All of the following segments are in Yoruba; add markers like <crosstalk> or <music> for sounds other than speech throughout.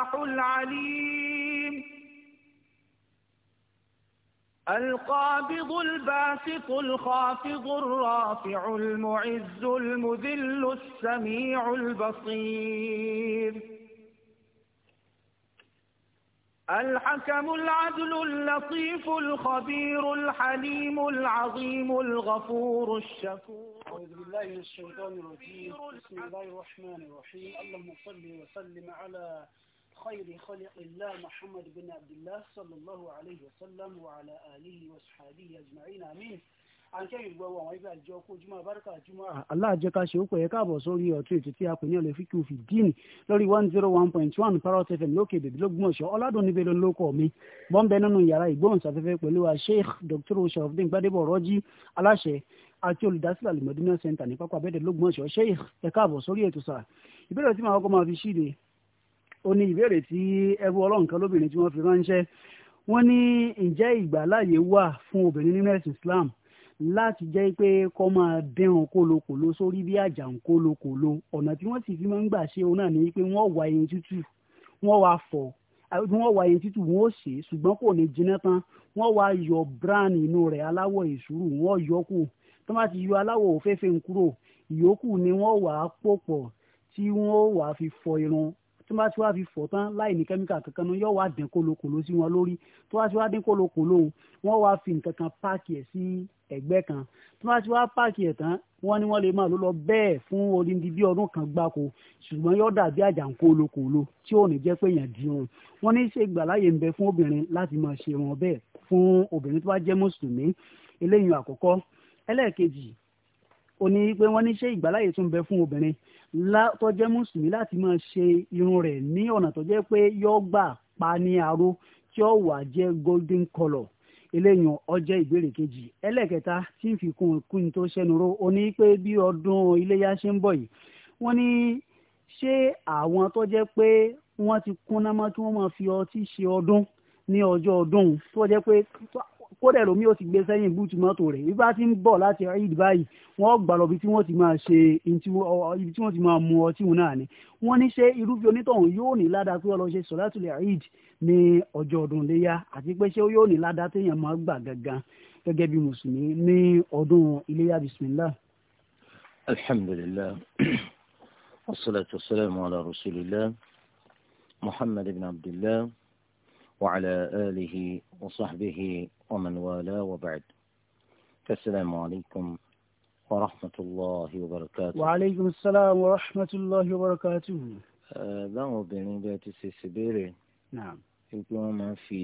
الفلاح العليم القابض الباسط الخافض الرافع المعز المذل السميع البصير الحكم العدل اللطيف الخبير الحليم العظيم الغفور الشكور أعوذ بالله من الشيطان الرجيم بسم الله الرحمن الرحيم اللهم صل وسلم على خير خلق الله محمد بن عبد الله صلى الله عليه وسلم وعلى آله وصحبه أجمعين آمين àǹkẹ́ ìgbọ́ àwọn ibẹ̀ àjọ kó jùmọ̀ bárúkà jùmọ̀. aláàjẹká ṣe ó pẹ̀ ẹ́ káàbọ̀ sórí ọ̀tún ètò tí a pè ní ọ̀lẹ́ fíkì òfin díìnì lórí one zero one point one parrot fm lókè bèbí lógúnmọ̀ṣọ́ ọ̀làdùn níbi ló ń lókọ̀ mi bọ́ńbẹ́ nínú yàrá ìgbóhùnsáfẹ́fẹ́ pẹ̀lú sheikh dr sharafdin gbadebo rọ́jí aláṣẹ àti olùdásílẹ̀ alimọ̀dúnà center ní pápá abẹ́dẹ̀ lógúnmọ̀ṣọ́ sheikh ẹ káàbọ̀ ó ní ìbéèrè tí ẹrú ọlọ́run kan lóbìnrin tí wọ́n fi ránṣẹ́ wọ́n ní ǹjẹ́ ìgbàláyè wà fún obìnrin nínú ẹ̀sìn Islam láti jẹ́ pé kó máa dẹ́hùn kólokòlo sórí bí àjà ń kólokòlo ọ̀nà tí wọ́n sì fi máa ń gbà ṣe òun náà ni pé wọ́n wá ẹyin tútù wọ́n wá fọ̀ wọ́n wá ẹyin tútù wọ́n ó ṣe ṣùgbọ́n kò ní jiná tán wọ́n wá yọ bran inú rẹ̀ aláwọ̀ ìṣúrù wọ́n yọ kù tó bá ti yọ aláwọ̀ òféèfé ń kúrò ìyókù ni wọ́n wà á pòpọ̀ tí wọ́n wà á fi fọ irun tí wọ́n bá ti wá fi fọ̀ tán láì ní kẹ́míkà kankan ní yóò wá dín kólókòló sí wọn lórí tí wọ́n bá ti wá dín kólókòló wọn wá fi nǹkan kan páàkì ẹ̀ sí ẹ̀gbẹ́ kan tí wọ́n bá ti wá páàkì ẹ̀ tán wọ́n ní wọ́n lè máa ló lọ bẹ́ẹ̀ fún odindi bí ọdún kan gbáko ṣùgbọ́n yóò dàbí àjàǹkó olókoòló tí ò ní jẹ́ pé èèyàn di wọn wọ́n ní ṣe gbàláyè ń bẹ fún obìnrin láti máa ṣe wọn bẹ́ẹ̀ fún obìnrin tó bá jẹ́ mùsùlùmí eléyìí àkọ́kọ́ ẹlẹ́ẹ̀kejì ó ní pé wọ́n ní ṣé ìgbàláyè tún bẹ fún obìnrin tó jẹ́ mùsùlùmí láti máa ṣe irun rẹ̀ ní ọ̀nà tó pé yọ́ gbà pa ní aró tí ó wà jẹ́ golden color eléyàn ọjẹ́ ìbéèrè kejì ẹlẹ́kẹta tí ń fi kún kún tó ṣẹnuró ó ní pé bí ọdún iléyà ṣe ń bọ̀ yìí wọ́n ní ṣé àwọn tó jẹ́ pé wọ́n ti kúnná mọ́ kí wọ́n máa fi ọtí ṣe ọdún ní ọjọ́ ọdún tó jẹ́ pé kódà ẹlòmíì ó ti gbé sẹ́yìn búùtù mọ́tò rẹ̀ bí bá ti ń bọ̀ láti eid báyìí wọ́n gbà lọ ibi tí wọ́n ti máa ṣe ibi tí wọ́n ti máa mu ọtí wọn náà ni wọ́n ní ṣé irúfẹ́ onítọ̀hún yóò ní ládàá pé ọlọ́ ṣe sọ̀látùl ní ọjọ́ ọdún léyà àti pé ṣé yóò ní ládàá téèyàn máa gbà gangan gẹ́gẹ́ bí mùsùlùmí ní ọdún iléyà bismillah. <clears throat> ومن والاه وبعد السلام عليكم ورحمة الله وبركاته وعليكم السلام ورحمة الله وبركاته báwọn obìnrin bẹ́ẹ̀ ti ṣe ṣèbéèrè wípé wọ́n máa ń fi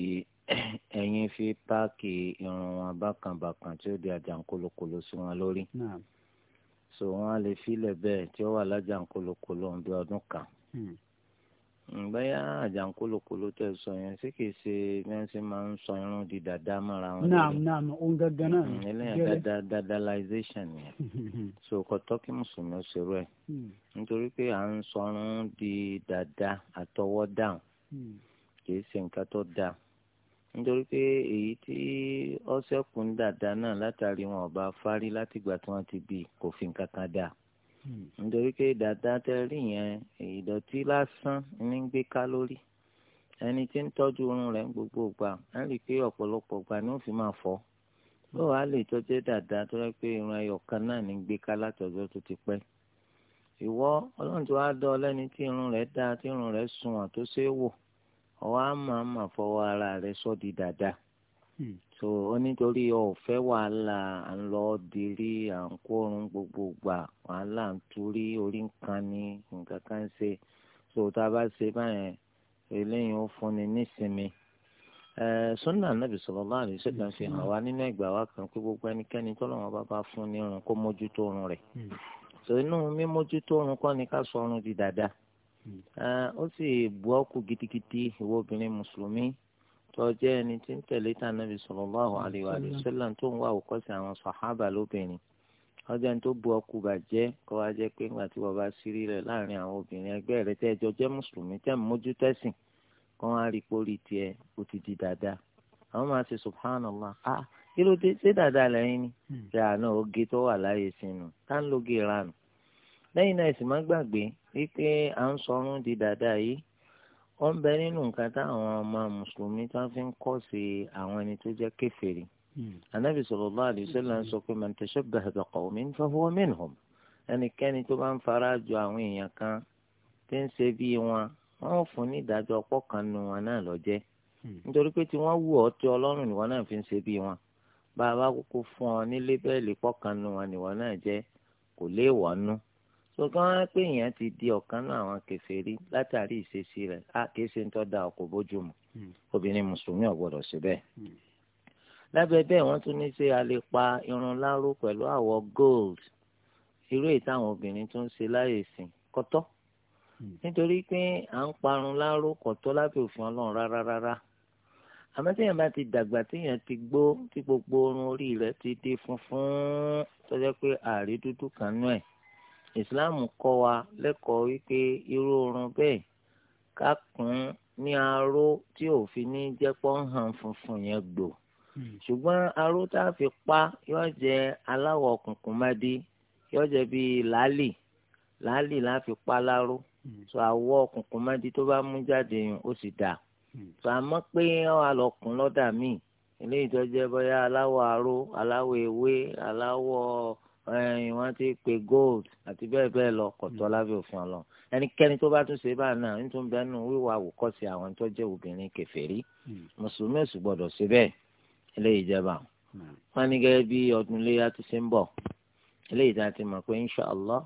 <coughs> ẹyin fi páàkì irun wọn bákànbàkàn tí ó di àjàǹkolokolo sí wọn lórí so wọ́n á lè filẹ̀ bẹ́ẹ̀ tí ó wà lájàǹkolokolo ń bí ọdún kan. Hmm. Mm, bẹ́ẹ̀ àjànkólokòló tẹ̀ sọ yẹn sí kìí ṣe bí wọ́n ṣe máa ń sọ irun di dada mọ́ra wọn. naam naam òun gangan náà. Mm, eléyà dada dadalization yẹn <laughs> so kọtọ kí mùsùlùmí ó ṣerú ẹ hmm. nítorí pé à ń sọrun di dada àtọwọ́ dáhùn hmm. kìí ṣe nǹkan tó dáa nítorí pé èyí tí ọ̀sẹ̀ kún dada náà látàrí wọn ọba fárí látìgbà tí wọ́n ti bí kò fi nǹkan kan dáa nítorí pé dàda tẹ́rí yẹn ìdọ̀tí lásán ní gbé kálórì ẹni tí ń tọ́jú oorun rẹ̀ ń gbogbo gbà á rí i pé ọ̀pọ̀lọpọ̀ gbà ni ó fi máa fọ́ bóò á lè tọ́jú dàda tó rẹ́ pé irun ẹyọ kan náà ní gbé ká látọ̀jọ́ tó ti pẹ́ ìwọ ọlọ́run tó wá dọ́ lẹ́ni tí irun rẹ̀ dáa tí irun rẹ̀ sunwọ̀n tó ṣeé wò ọwọ́ á máa máa fọwọ́ ara rẹ̀ sọ́ di dàda. Hmm. so ó nítorí ọ̀fẹ́ wàhálà à ń lọ dirí à ń kórun gbogbo gbà wàhálà ń torí orí ń kan ní nǹkan kan ṣe so tá a bá ṣe báyẹn eléyìí ó fúnni nísinmi sunna anabi sallallahu alaihi wasallam fi hàn wá nínú ẹgbàá wa kan pé gbogbo ẹnikẹ́ni tọ́lọ́run bá bá fún ní irun kó mójútó irun rẹ̀ hmm. so inú mímójútó irun kọ́ ni ká sọ irun di dáadáa hmm. ó sì bu ọ́kù gidigidi ìwọ obìnrin mùsùlùmí tọ́jẹ́ ẹni tí ń tẹ̀lé tànàbí sallallahu alaihi wa sallam tó ń wá òkọ́sí àwọn sàhábà lóbìnrin ọjọ́ ní tó bu ọkù bàjẹ́ kọ́ wa jẹ́ pé ńgbà tí wọ́n bá sírí rẹ̀ láàrin àwọn obìnrin ẹgbẹ́ rẹ̀ tẹ́ ẹjọ́ jẹ́ mùsùlùmí tẹ́ mójú tẹ́sìn kọ́ wa rí pórí tiẹ̀ ó ti di dáadáa àwọn máa ṣe subhanallah ah kí ló dé ṣé dáadáa lẹ́yìn ni hmm. ṣe àná oge tó wà láàyè sínú tá ń lẹ́yìn náà ẹ̀sìn má gbàgbé wípé à ń sọrun di dáadáa yìí ó ń bẹ nínú nǹkan táwọn ọmọ mùsùlùmí tó fi ń kọ́ sí àwọn ẹni tó jẹ́ kèfèrí anabi hmm. sallallahu alaihi wasallam sọ pé man tashabbaha bi qawmin fahuwa minhum ẹnikẹ́ni tó bá ń fara jọ àwọn èèyàn kan tí ń ṣe bí wọn wọn ò fún ní ìdájọ́ ọ̀pọ̀ kan nu wọn náà lọ́jẹ́ hmm. nítorí pé tí wọ́n wù ọ́ tí ọlọ́run ìwọ náà fi ń ṣe bí wọn bá a bá kúkú fún ọ ní lébẹ́ẹ̀lì pọ̀kan nu wọn ìwọ náà jẹ́ kò léèwọ̀ sọkàn á pé èèyàn ti di ọ̀kan náà àwọn kèfèrí látàrí ìṣesí rẹ̀ a kìí ṣe ń tọ́ da ọkọ̀ bójú mu hmm. obìnrin mùsùlùmí ò gbọ́dọ̀ ṣe bẹ́ẹ̀. Hmm. lábẹ́ bẹ́ẹ̀ wọ́n tún ní ṣe a lè pa irun láró pẹ̀lú àwọ̀ gold irú èyí táwọn obìnrin tún ń ṣe láyè sìn kọ́tọ́ hmm. nítorí pé à ń parun láró kọ́tọ́ lábẹ́ òfin ọlọ́run rárá rárá àmọ́ téèyàn bá ti dàgbà téèyàn ti gbó tí gbogbo orun orí rẹ̀ ti di funfun tó islam kọ́ wa lẹ́kọ̀ọ́ wípé irú oorun bẹ́ẹ̀ ká kùn ún ní aró tí òfin ní jẹ́pọ̀ ń hàn funfun yẹn gbò hmm. ṣùgbọ́n aró tá a fi pa yóò jẹ́ aláwọ̀ kùnkùn mádé yóò jẹ́ bíi làálì làálì la fi pa láró tó hmm. àwọ̀ kùnkùn mádé tó bá mú jáde yùn ó sì dà tó hmm. àmọ́ pé wọ́n á lọ míì eléyìí tó jẹ́ bóyá aláwọ̀ aró aláwọ̀ ewé aláwọ̀. Alawọ̀ wọ́n ti pe gold àti bẹ́ẹ̀ bẹ́ẹ̀ lọ kọ̀tọ́ hmm. lábẹ́ òfin ọlọ́run ẹnikẹ́ni tó bá tún ṣe bá náà ń tún bẹ́ẹ̀ nù wíwá àwòkọ́sí àwọn tó jẹ́ obìnrin kèfèrí hmm. mùsùlùmí ò sì gbọ́dọ̀ ṣe bẹ́ẹ̀ eléyìí jẹba hmm. wọn ní gẹ́gẹ́ bí ọdún iléyà tó ṣe ń bọ̀ eléyìí tá a ti mọ̀ pé insha allah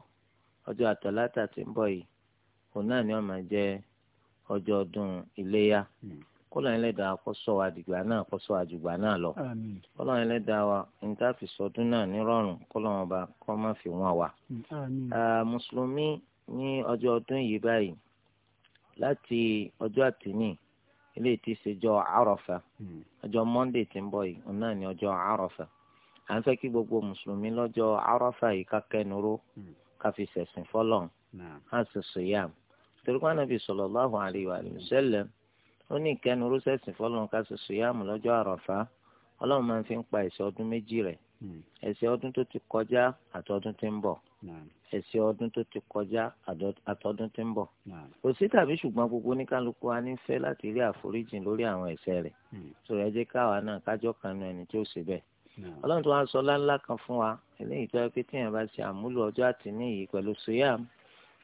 ọjọ́ àtọ̀látà ti ń bọ̀ yìí òun náà ni wọ́n máa jẹ́ ọjọ́ ọdún iléyà kọ́lọ́ ẹlẹ́dàá akọ́sọ́ àdìgbà náà akọ́sọ́ àdìgbà náà lọ. kọ́lọ́ ẹlẹ́dàá wa níta fi sọdún náà nírọ̀rùn kọ́lọ́ ọba kọ fi wọn wa. mùsùlùmí ní ọjọ́ ọdún yìí báyìí láti ọjọ́ àtìní ilé tí ṣèjọ àròfà hmm. ọjọ́ monday tí ń bọ̀ yìí ọjọ́ gbogbo mùsùlùmí lọ́jọ́ yìí ká hmm. ká fi á sì sọ yá alaihi ó ní ìkẹnu rọ́sẹ̀sì fọlọ́n ká ṣoṣo yáàmù lọ́jọ́ àràfá ọlọ́run máa ń fi ń pa ẹ̀ṣẹ̀ ọdún méjì rẹ̀ hmm. ẹ̀ṣẹ̀ ọdún tó ti kọjá àtọdún ti ń bọ̀ hmm. ọdún ti kọjá àtọdún ti ń bọ̀ hmm. kò sí tàbí ṣùgbọ́n gbogbo oníkálukú wa ní fẹ́ láti rí àforíjìn lórí àwọn ẹ̀ṣẹ̀ rẹ̀ sọ̀rọ̀ ẹ jẹ́ káwa náà kájọ́ kan nu ẹni tí ó kan fún wa eléyìí tó yẹ pé tíyẹn àmúlò ọjọ́ pẹ̀lú suyam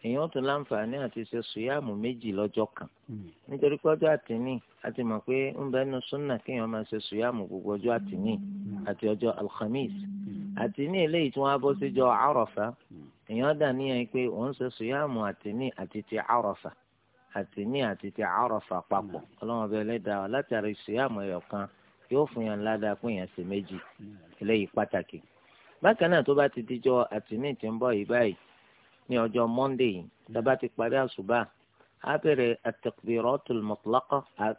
èèyàn tún láǹfààní àti ṣe sùyàmù méjì lọ́jọ́ kan hmm. nítorí pé ọjọ́ àtìní àti mọ̀ pé ń bẹ nu súnà kéèyàn máa ṣe sùyàmù gbogbo ọjọ́ àtìní hmm. àti ọjọ́ alhamis hmm. àtìní eléyìí tí wọ́n á bọ́ síjọ àròfà èèyàn dà níyàn pé òun ṣe sùyàmù àtìní àti ti àròfà àtìní àti ti àròfà papọ̀ ọlọ́run bẹ lẹ́dàá látàrí sùyàmù ẹ̀yọ̀ kan yóò fún yàn ládàá pé yàn ṣe méjì eléyìí pàtàkì bákan náà tó bá ti díjọ àtìní ti ń bọ̀ yìí báyìí ní ọjọ́ monday yìí dábà ti parí àṣùbà á bẹ̀rẹ̀ at-takbiratul mutlaqa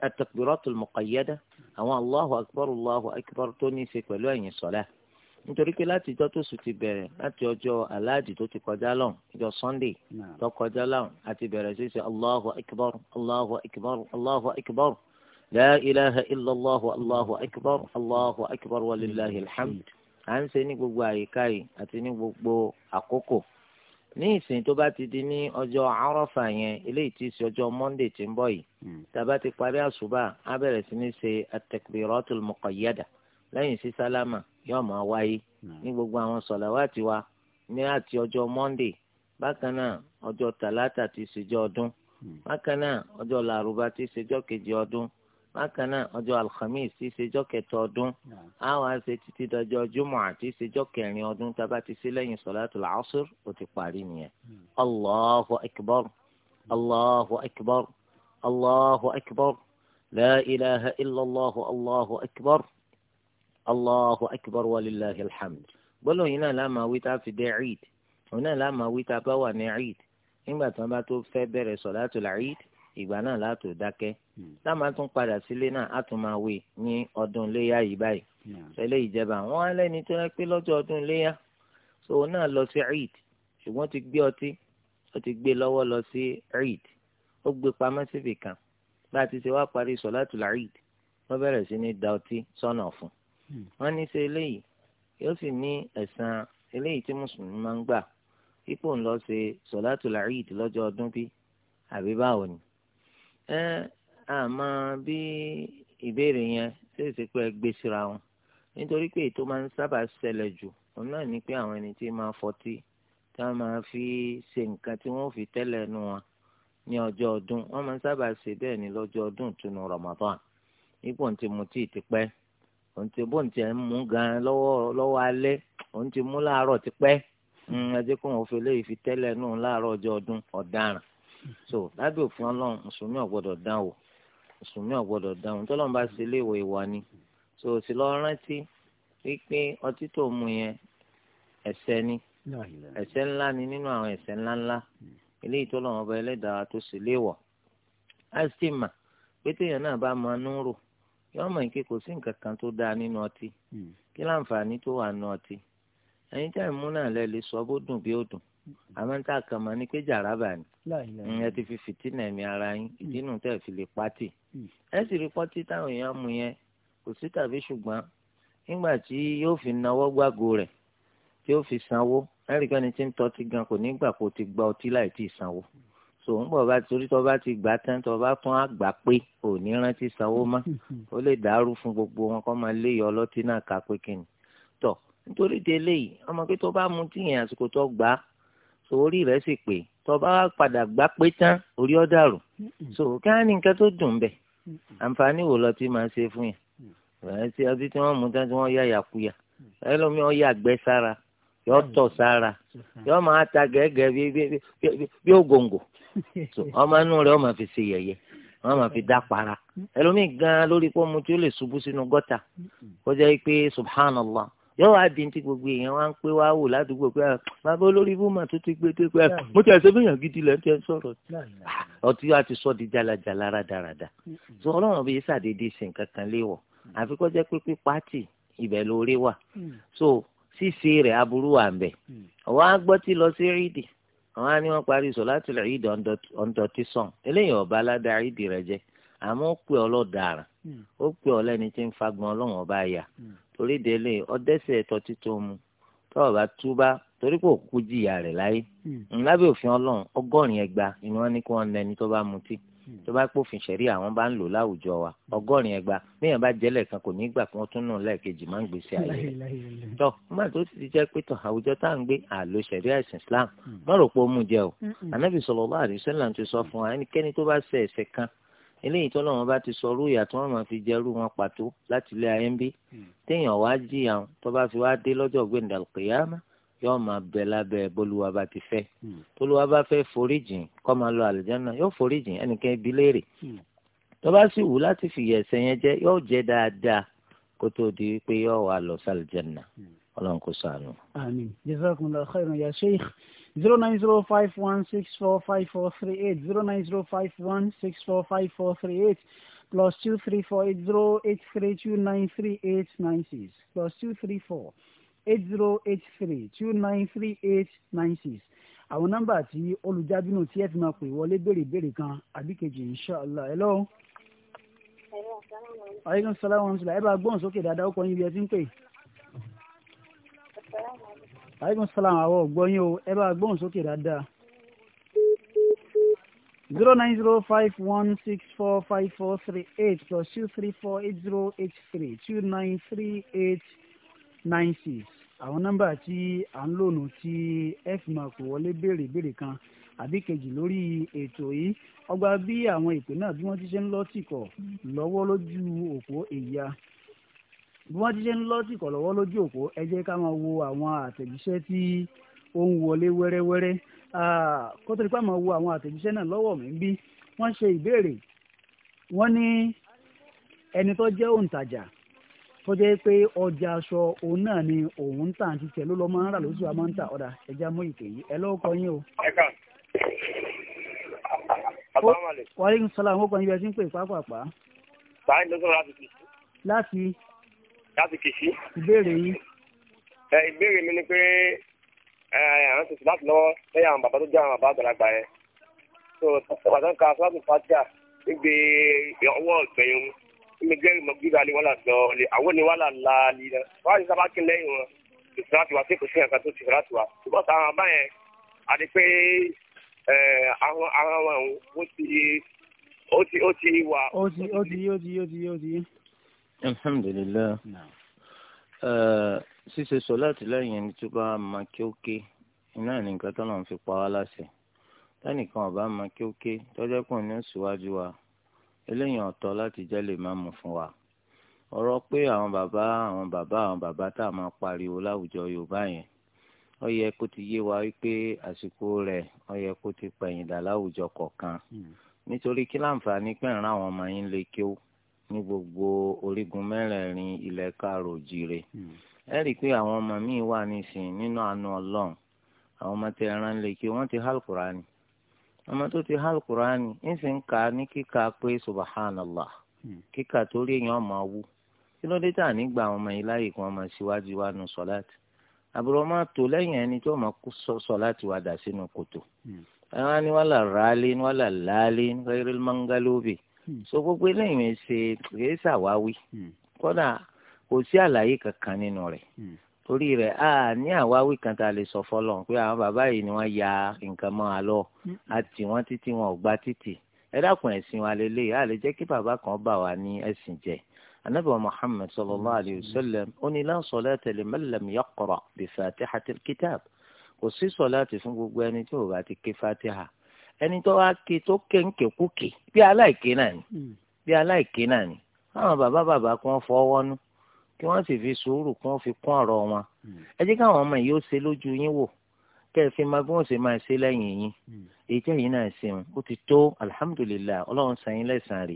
at-takbiratul muqayyada àwọn allahu akbar allahu akbar tó ní í ṣe pẹ̀lú ẹ̀yìn sọ̀lá nítorí pé láti ìjọ tó sùn ti bẹ̀rẹ̀ láti ọjọ́ aláàjì tó ti kọjá lọ́hùn ìjọ sunday tó kọjá lọ́hùn àti bẹ̀rẹ̀ sí ṣe allahu akbar allahu akbar allahu akbar la ilaha illallah allahu akbar allahu akbar walillahi alhamd à ń ṣe ní gbogbo àyíká yìí àti ní gbogbo àkókò ní ìsìn tó bá ti di ní ọjọ́ àrọ́fà yẹn eléyìí ti ṣe ọjọ́ monday tí ń bọ̀ yìí hmm. tàbá ti parí àṣùbà á bẹ̀rẹ̀ sí ní ṣe at-takbiratul muqayyada lẹ́yìn sí sálámà yóò máa wáyé hmm. ní gbogbo àwọn sọ̀làwátì wa ní àti ọjọ́ monday bákan náà ọjọ́ tàlátà ti ṣèjọ́ ọdún hmm. bákan náà ọjọ́ làrúbá ti ṣèjọ́ kejì ọdún bákan náà ọjọ́ alhamis tí í ṣejọ́ kẹta ọdún á wá ṣe títí dọjọ́ júmọ̀ àti ṣejọ́ kẹrin ọdún tábà ti ṣe lẹ́yìn sọ̀láàtù làásùr ó ti parí nìyẹn. allahu akbar allahu akbar allahu akbar la ilaha illallah allahu akbar allahu akbar walillahi alhamd. gbólóyìn náà láàmà wí tá a fi dé eid òun náà láàmà wí tá a bá wà ní eid nígbà tí wọ́n bá tó fẹ́ bẹ̀rẹ̀ sọ̀láàtù làáid ìgbà náà látò dákẹ́ hmm. táwọn máa tún padà sílé náà á tún máa wè ní ọdún léyà yìí báyìí ṣẹlẹ̀ hmm. ìjẹba wọn á lẹ́ni tó rẹ́ pé lọ́jọ́ ọdún léyà so náà lọ sí eid ṣùgbọ́n ti gbé ọtí ó ti gbé lọ́wọ́ lọ sí eid ó gbé pamọ́ síbì kan bá a ti ṣe wá parí sọ̀látùl eid wọ́n bẹ̀rẹ̀ sí ní da ọtí sọ́nà fún hmm. wọ́n ní ṣe eléyìí yóò sì ní ẹ̀san eléyìí tí mùsùlùmí máa ń gbà ipò ńlọ ṣe sọ̀látùl eid lọ́jọ́ ọdún bí àbí báwo ni ẹ maa bí ìbéèrè yẹn ṣèṣe pé ẹ gbé síra wọn nítorí pé ètò máa ń sábà ṣẹlẹ̀ jù òun ni pé àwọn ẹni tí máa fọtí tá a máa fi ṣe nǹkan tí wọ́n fi tẹ́lẹ̀ nu wọn ní ọjọ́ ọdún wọ́n máa ń sábà ṣe bẹ́ẹ̀ ní lọ́jọ́ ọdún ìtúnu Ramadan ti mu tí ti pẹ́ òun ti bó gan lọ́wọ́ lọ́wọ́ alẹ́ òun ti mú láàárọ̀ ti pẹ́ ẹ so lábẹ́ òfin ọlọ́run mùsùlùmí ọ̀gbọ́dọ̀ dán o mùsùlùmí ọ̀gbọ́dọ̀ dán o tọ́lọ́run bá ṣe léèwọ̀ ìwà ni so sì lọ rántí wípé ọtí tó mu yẹn ẹ̀ṣẹ̀ ni ẹ̀ṣẹ̀ ńlá ni nínú àwọn ẹ̀ṣẹ̀ ńlá ńlá eléyìí tọ́lọ́run ọba ẹlẹ́dàá tó ṣe léèwọ̀ láti mà pé téèyàn náà bá máa ń rò yọ́n mọ̀ pé kò sí nǹkan kan tó dáa nínú ọtí hmm. kí láǹfààní tó wà nínú ọtí ẹ̀yin táì mú náà lẹ́ lè sọ bó dùn bí ó dùn àmọ́ ń tà kàn mọ́ ni pé jàràbà ni ẹ ti fi fìtínà ẹ̀mí ara yín hmm. ìdínú tẹ̀ fi lè pátì hmm. ẹ sì rí pọ́tí táwọn èèyàn mú yẹn kò sí tàbí ṣùgbọ́n nígbà tí yóò fi náwó gbàgò rẹ̀ tí yóò fi sanwó ẹ̀ríkẹ́ ni tí ń tọ́tí gan kò ní gbà kó ti gba ọtí láì tí ì sanwó so ń bọ̀ bá torí tọ́ bá ti gbà tán tọ́ bá tún àgbà pé ò ní rántí sanwó mọ́ <laughs> ó lè dàrú fún gbogbo wọn kọ́ máa lé yọ ọlọ́tí náà ká pé kíni tọ̀ nítorí délé yìí ọmọ pé tó bá mutí yẹn àsìkò tó gbà á so orí rẹ̀ sì pé tọba padà gbá pé tán orí ọ dàrú so kí á ní nǹkan tó dùn bẹ àǹfààní wo lọ tí máa ṣe fún yẹn rẹ̀ ti ọtí tí wọ́n mú tán tí wọ́n yá yàkuyà ẹlòmíì ọ yà gbẹ́ sára yọ tọ̀ sára yọ máa ta gẹ́gẹ́ bí ògòǹgò <laughs> ọmọ inú rẹ̀ ọ máa fi ṣe yẹ̀yẹ́ wọn máa fi dá para ẹlòmíì gan lórí pé ọmọ tí ó lè ṣubú sínú gọ́tà kó jẹ́ pé subhanallah yóò wá di ti gbogbo èèyàn wá ń pé wá wò ládùúgbò pé ah, bàbá olórí bùmà tó ti gbé tó pé ah, mo ti àṣẹ fẹ́yàn gidi lẹ́ ti ẹ sọ̀rọ̀ ọtí wa ti sọ di jalajala rádaràda tó ọlọ́run bí sàdédé ṣe nǹkan kan léwọ̀ àfi jẹ́ pé pípàtì ibẹ̀ lórí wà so ṣíṣe rẹ̀ aburú wà ń bẹ̀ ọ̀wá gbọ́ ti lọ sí rídì àwọn á ní wọ́n parí sọ láti rẹ̀ rídì ọ̀ǹdọ̀tí sàn eléyìí ọ̀bá aládà rídì rẹ̀ jẹ́ àmọ́ ó pè ọ́ ó pè ọ́ tí ń fagbọn ọlọ́run ọba yà torí délé ọdẹ́sẹ̀ ẹ̀tọ́ títún mu tọ́wọ́ bá túbá torí kò kú jìyà rẹ̀ láyé hmm. lábẹ́ òfin ọlọ́run ọgọ́rin ẹgbàá ni wọ́n ní kí wọ́n lẹni tó bá mutí hmm. tó bá pófin ṣẹ̀rí àwọn bá ń lò láwùjọ wa ọgọ́rin ẹgbàá bíyàn bá jẹ́ lẹ́ẹ̀kan kò ní gbà kí wọ́n tún nù lẹ́ẹ̀kejì máa ń gbèsè ayé rẹ̀ tọ́ nígbà tó sì ti jẹ́ pé tọ̀ àwùjọ tá à ń gbé àlò ṣẹ̀rí àìsàn Islam mọ́rò hmm. pé ó mú jẹ o ànábì sallallahu alaihi wasallam ti sọ fún wa ẹnikẹ́ni tó bá ṣẹ̀ ẹ̀ṣẹ̀ kan eléyìí tó lọ́wọ́n bá ti sọ irú ìyà tí wọ́n máa fi jẹ́rú wọn pàtó láti ilé ayé ń bí hmm. téèyàn wá jìyà tó bá fi wá dé lọ́jọ́ gbẹ̀ndà kìyàmá yóò máa bẹ lábẹ́ bólúwa bá ti fẹ́ hmm. tólúwa bá fẹ́ foríjìn kó máa lọ àlùjáná yóò foríjìn ẹnìkan ibi léèrè hmm. tó bá sì wù láti fìyà ẹ̀ṣẹ̀ yẹn jẹ yóò jẹ dáadáa kó tó di pé yóò wà lọ sàlùjáná ọlọ́run kò ṣàánú. àmín jazakumullahu khairan ya sheikh zero nine zero five one six four five four three eight zero nine zero five one six four five four three eight plus two three four eight zero eight three two nine three eight nine six plus two three four eight zero eight three two nine three eight nine six àwọn nọ́mbà tí olùjábínú tí ẹ fi máa pè wọlé béèrè béèrè kan àbí kejì inshàlá ẹ lọ. aleykum salaam wa rahmatulah ẹ bá gbóhùn sókè dáadáa ó kọ́ yín bí ẹ ti ń pè aleykum salaam àwọn ògbọ́yìn o ẹ bá a sókè dáadáa. zero nine zero five one six four five four three eight plus two three four eight zero eight three two nine three eight nine six àwọn nọ́mbà tí à ń lò nù tí ẹ fi máa kó wọlé béèrè béèrè kan àbí kejì lórí ètò yìí ọgbà bí àwọn ìpè náà bí wọ́n ti ṣe ń lọ tìkọ̀ lọ́wọ́ lójú òpó èyí ya bí wọ́n ti ṣe ń lọ sí ìkọ̀lọ́wọ́ lójú òpó ẹ jẹ́ ká máa wo àwọn àtẹ̀jíṣẹ́ tí ó ń wọlé wẹ́rẹ́wẹ́rẹ́ kó tó di pé máa wo àwọn àtẹ̀jíṣẹ́ náà lọ́wọ́ mi bí wọ́n ṣe ìbéèrè wọ́n ní ẹni tó jẹ́ òǹtajà tó jẹ́ pé ọjà aṣọ òun náà ni òun ń tà àti tẹ̀ ló lọ́ máa ń rà lóṣù àmọ́ ń tà ọ̀dà ẹja mú ìpè yìí ẹ lọ́wọ́ kọ yín o. wàhálà ń sọlá àwọn ọkọ̀ yín bí ẹ ti ń pè pápápá. báyìí ló sọ láti fi. láti láti kìsí. ìbéèrè yín. ẹ ìbéèrè mi ni pé ẹ àwọn ti sùn láti lọ́wọ́ lẹ́yìn àwọn bàbá tó jẹ́ àwọn bàbá àgbàlagbà yẹn. tó tọ́sọ̀bà tó ń ka sọ́dún fàtíà nígbè ọwọ́ ìgbẹ̀yìn mu nígbè gẹ́rì mọ́ ni wọ́n là sọ ọ́ àwọn ni wọ́n là la lé náà. wọ́n á sábà kí lẹ́yìn wọn ìfúráàtì wa tí kò sí ẹ̀ka tó ti ìfúráàtì wa. ṣùgbọ́n táwọn àbá yẹn àti pé àwọn àwọn àwọn ò ti ó ti ó ti wà. ó ti ó ti ó ti ó ti ó ti alhamdulilayi ṣíṣe sọ láti lẹ́yìn ẹni tó bá máa kí ó ké iná ní nǹkan tó náà fi pa wá láṣẹ tẹnìkan ọba máa kí ó ké tọ́jọ́ pọ̀ ní òṣìwájú wa eléyìí ọ̀tọ̀ láti jẹ́ lè má mú fún wa ọ̀rọ̀ pé àwọn bàbá àwọn bàbá àwọn bàbá tá a máa pariwo láwùjọ yorùbá yẹn ó yẹ kó ti yé wa wípé àsìkò rẹ̀ ó yẹ kó ti pẹ̀yìndà láwùjọ kọ̀ọ̀kan hmm. nítorí kí láǹfààní pẹ̀ràn ní gbogbo orígun mẹ́rẹ̀ẹ̀rin ilẹ̀ káàrọ̀ òjìire ẹ rí i pé àwọn ọmọ míì wà nísìnyí nínú àánú ọlọ́run àwọn ọmọ tẹ ẹran lè kí wọ́n ti hàl ọmọ tó ti hàl kúránì ń ka ní kíka pé subhanallah kíka torí èèyàn máa wú kí ló dé tà nígbà àwọn ọmọ yìí láàyè kí wọ́n máa ṣíwájú wa nu sọ́láàtì àbúrò máa tò lẹ́yìn ẹni tí wọ́n máa kó sọ́láàtì wa dà sínú kòtò ẹ̀wọ̀n ni wọ́n là rálé wọ́n là lálé rẹ́rẹ́ mọ́ngálóbì Hmm. so gbogbo eléyìí ṣe kìí ṣàwáwí hmm. kódà kò sí àlàyé kankan nínú rẹ̀ hmm. torí rẹ̀ a ní àwáwí kan tá a lè sọ fọlọ́n pé àwọn bàbá yìí ni wọ́n ya nǹkan mọ́ àlọ́ àti wọ́n títí wọn ò gbá títì ẹ dákun ẹ̀sìn wa lélẹ̀ a lè jẹ́ kí bàbá kan bà wá ní ẹ̀sìn jẹ́ anabi wa muhammed sallallahu alayhi wa sallam ó ní la salata liman lam yaqra bi fatihatil kitab kò sí sọlá ti fún gbogbo ẹni tí ò bá ti ké fatiha ẹni tó wá ké tó kéńké kúkè bí aláìké náà ni hmm. bí aláìké náà ni káwọn bàbá bàbá kí wọ́n fọwọ́ nú kí wọ́n sì fi sùúrù kí wọ́n fi kún ọ̀rọ̀ wọn hmm. ẹ jẹ́ káwọn ọmọ yìí ó ṣe lójú yín wò kẹ́ ẹ fi máa bí wọ́n ṣe máa ṣe lẹ́yìn yín hmm. èyí tẹ́ yín náà ṣeun ó ti tó alihamudulilayi ọlọ́run san yín lẹ́sàn-án rè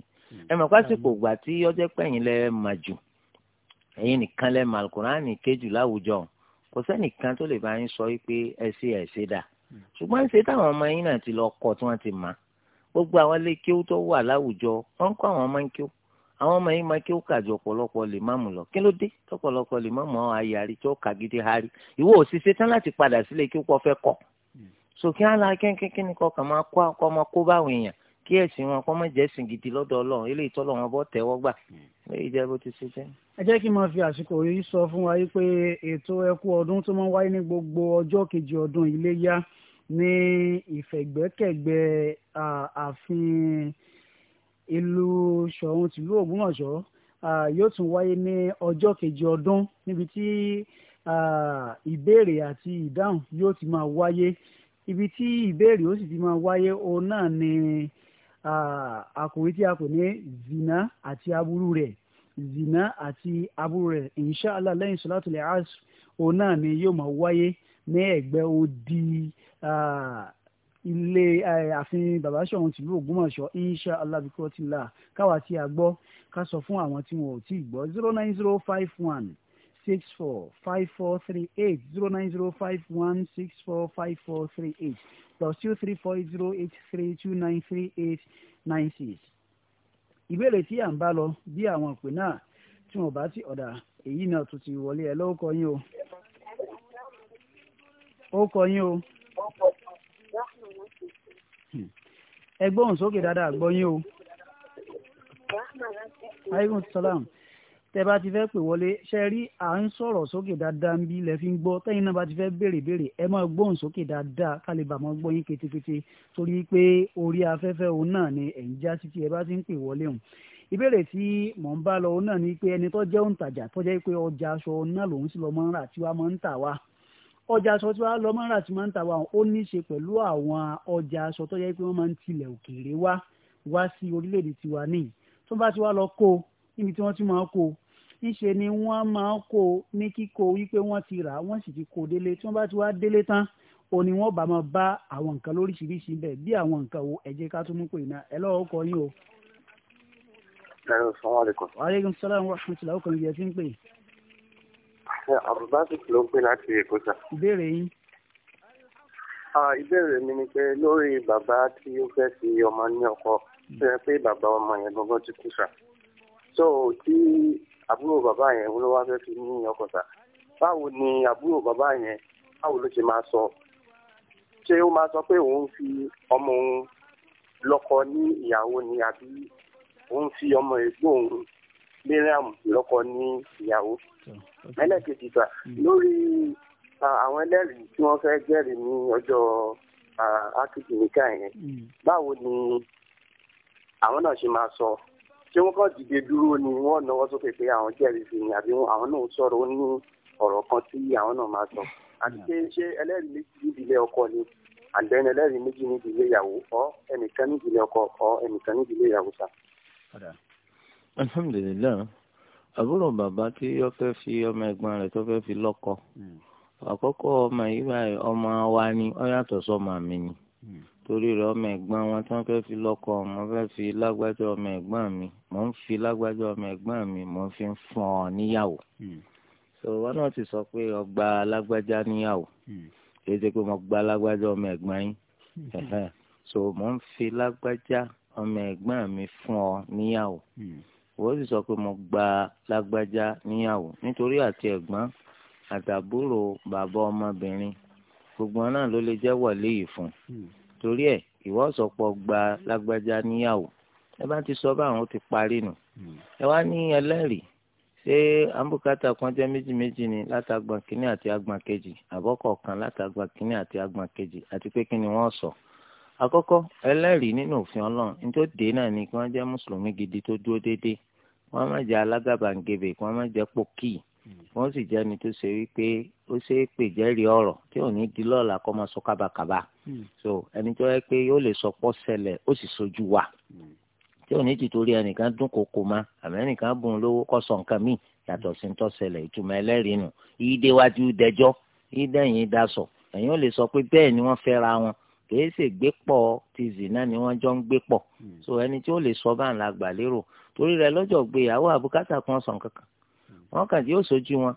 ẹ mọ̀ pásìkò gbà tí ọjọ́ pẹ̀yìn lẹ́ máa jù ẹ̀yin nìkan lẹ́ máa Al-Kùránì kéjù láwùjọ kò sẹ́nìkan tó lè bá yín sọ wípé ẹ ṣe ẹ̀ ṣe dáa ṣùgbọ́n ṣe táwọn ọmọ yín náà ti lọ kọ́ tí wọ́n ti mà gbogbo àwọn ilé kí ó tó wà láwùjọ wọ́n ń kọ́ àwọn ọmọ ń kí ó àwọn ọmọ yìí máa kí ó kàjọ ọ̀pọ̀lọpọ̀ lè má mú lọ kí ló dé tọ̀pọ̀lọpọ̀ lè má mú ọ ayàrí tí ó kà gidi hari ìwọ ò sì ṣe tán láti padà sílé kí kọ́ fẹ́ kọ́ sòkè àlà kẹ́kẹ́kẹ́ ni kọkàn máa kó ọmọ kó báwọn èèyàn kí ẹ̀sìn wọn kọ́ mọ̀ jẹ́ sìn gidi lọ́dọ̀ ọlọ́run eléyìí tọ́lọ́ wọn bọ́ tẹ́wọ́ gbà hmm. léyìí jẹ́ bó ti ṣe jẹ́. ẹ jẹ́ kí n máa fi àsìkò yìí sọ fún wa pé ètò ẹkú ọdún tó máa ń wáyé ní gbogbo ọjọ́ kejì ọdún iléyá ní ìfẹ̀gbẹ́kẹ̀gbẹ́ ààfin ìlú ṣọ̀ún tìlú ògbómọ̀ṣọ́ yóò tún wáyé ní ọjọ́ kejì ọdún níbi tí ìbéèrè àti ìdáhùn yóò ti máa wáyé ibi tí ìbéèrè ó sì ti máa wáyé òun náà ni. Uh, àkòrí tí a kò ní zina àti aburú rẹ̀ zina àti aburú rẹ̀ inshallah lẹ́yìn sọlátùlẹ asr òun náà ni yóò máa wáyé ní ẹ̀gbẹ́ odi ilé ààfin bàbá sọ̀hún tìlú Ògbómọ̀ṣọ́ insha allah bíkọ́ ti là káwa tí a gbọ́ ká sọ fún àwọn tí wọn ò tí ì gbọ́ zero nine zero five one six four five four three eight zero nine zero five one six four five four three eight plus two three four zero eight three two nine three eight nine six. ìbéèrè tí à ń bá lọ bí àwọn ìpè náà tí wọn bá ti ọ̀dà èyí náà tún ti wọlé ẹ lọ́wọ́ kọ o. ó kọ yín o. Hmm. ẹ gbóhùn sókè dáadáa gbọ́ yín o. aleykum salaam tẹ bá ti fẹ́ pè wọlé ṣe rí à ń sọ̀rọ̀ sókè dáadáa ń bí ilẹ̀ fi ń gbọ́ tẹ́yìn náà bá ti fẹ́ béèrè béèrè ẹ máa gbóhùn sókè dáadáa ká lè bà mọ́ gbọ́ yín ketekete torí pé orí afẹ́fẹ́ òun náà ni ẹ̀ ń já sí tí ẹ bá ti ń pè wọlé hùn. ìbéèrè tí mò ń bá lọ òun náà ni pé ẹni tó jẹ́ òǹtajà tó jẹ́ pé ọjà aṣọ náà lòun sì lọ mọ́ ń rà tí wàá mọ́ ń tà wá ọjà aṣọ tí wàá lọ mọ́ ń rà tí máa ń tà wá ó ní í ṣe pẹ̀lú àwọn ọjà aṣọ tó jẹ́ pé wọ́n máa ń tilẹ̀ òkèèrè wá wá sí orílẹ̀-èdè tiwa níyì tó bá ti wá lọ kó níbi tí wọ́n ti máa kó ńṣe ni wọ́n máa kó ní kíkó wípé wọ́n ti rà wọ́n sì ti kó délé tí wọ́n bá ti wá délé tán òun ni wọ́n bá máa bá àwọn nǹkan lóríṣiríṣi bẹ́ẹ̀ bí àwọn nǹkan wo ẹ jẹ́ ká tún mú pè náà ẹ lọ́wọ́ kọ yín o. aleykum salaam wa rahmatulah ọkàn yẹn ti ń pè. àbùbá ló ń pè láti èkó sà. ìbéèrè yín. ìbéèrè mi ni pé lórí bàbá tí ó fẹ́ fi ọmọ ní ọkọ hmm. ṣe é pé bàbá ọmọ yẹn gbọ́ngàn ti kú sà so tí àbúrò bàbá yẹn ló wá fẹ́ fi ní ọkọ̀ sá báwo ni àbúrò bàbá yẹn báwo ló ṣe máa sọ ṣé ó máa sọ pé òun fi ọmọ òun lọ́kọ ní ìyàwó ni àbí òun fi ọmọ ẹ̀gbọ́n òun Mariam lọ́kọ ní ìyàwó ẹlẹ́kejì gbà lórí àwọn ẹlẹ́rìí tí wọ́n fẹ́ jẹ́rìí ní ọjọ́ akíkìníkà yẹn hmm. báwo ni àwọn náà ṣe máa sọ. So, ṣé wọ́n kàn dìde dúró ni wọ́n náwó sókè pé àwọn jẹ́rìí sí ni àbí àwọn náà sọ̀rọ̀ ní ọ̀rọ̀ kan tí àwọn náà máa sọ àti pé ṣé ẹlẹ́rìí méjì nídìílé ọkọ ni àgbẹ̀ni ẹlẹ́rìí méjì nídìílé ìyàwó ọ ẹnìkan nídìílé ọkọ ọ ẹnìkan nídìílé ìyàwó sá. alhamdulilayi àbúrò bàbá tí ó fẹ́ fi ọmọ ẹ̀gbọ́n rẹ̀ tó fẹ́ fi lọ́kọ hmm. àkọ́kọ́ ọmọ yìí báyìí ọmọ wa ni ó yàtọ̀ sọ́mọ mi ni. Mm torí rẹ ọmọ ẹ̀gbọ́n wọn tí wọ́n fẹ́ẹ́ fi lọ́kọ mo fẹ́ẹ́ fi lágbájá ọmọ ẹ̀gbọ́n mi mò ń fi lágbájá ọmọ ẹ̀gbọ́n mi mò ń fi ń fún ọ níyàwó hmm. so wọn náà ti sọ pé ọgbà lágbájá níyàwó hmm. kì í ṣe pé mo gba lágbájá ọmọ ẹ̀gbọ́n yín so mò ń fi lágbájá ọmọ ẹ̀gbọ́n mi fún ọ níyàwó wọ́n hmm. sì sọ pé mo gba lágbájá níyàwó nítorí àti ẹ̀gbọ́n àtàbúrò bàbá ọmọbìnrin gbogbo náà ló lè jẹ́ wọ̀lé yìí fún un torí ẹ̀ ìwọ sọpọ gba lágbájá níyàwó ẹ bá ti sọ báwọn ti parí nù hmm. ẹ wá ní ẹlẹ́rìí ṣé àǹbùkátà kan jẹ́ méjì méjì ni látàgbà kínní àti àgbà kejì àbọ̀kọ̀ kan látàgbà kínní àti àgbà kejì àti pé kí ni wọ́n sọ. àkọ́kọ́ ẹlẹ́rìí nínú òfin ọlọ́run ní tó dé náà ni kí wọ́n jẹ́ mùsùlùmí gidi tó dúró déédéé kí wọ́n má jẹ́ alágàbàǹgebè kí wọ́n má jẹ́ pòkì wọ́n sì jẹ́ ẹni tó ṣe wípé ó ṣe é pè jẹ́rìí ọ̀rọ̀ tí ò ní di lọ́la kó máa sọ kábàkàbà hmm. so ẹni tó yẹ pé yóò lè sọ pọ́ ṣẹlẹ̀ ó sì sojú wa hmm. tí ò ní ti torí ẹnìkan dún kòkó ma àmì ẹnìkan bùn lówó kó sọ nǹkan míì yàtọ̀ sí ń tọ́ ṣẹlẹ̀ ìtumọ̀ ẹlẹ́rìí nù yìí déwájú dẹjọ́ yìí dẹ̀yìn daṣọ ẹ̀yin ò lè sọ pé bẹ́ẹ̀ ni wọ́n fẹ́ra wọn kìí ṣe gbé pọ̀ ti zina ni wọ́n jọ ń gbé pọ̀ hmm. so ẹni tí ó lè sọ báà gbà lérò torí rẹ̀ lọ́jọ́ gbéyàwó àbúkátà kan sàn wọ́n kàn yóò sojú wọn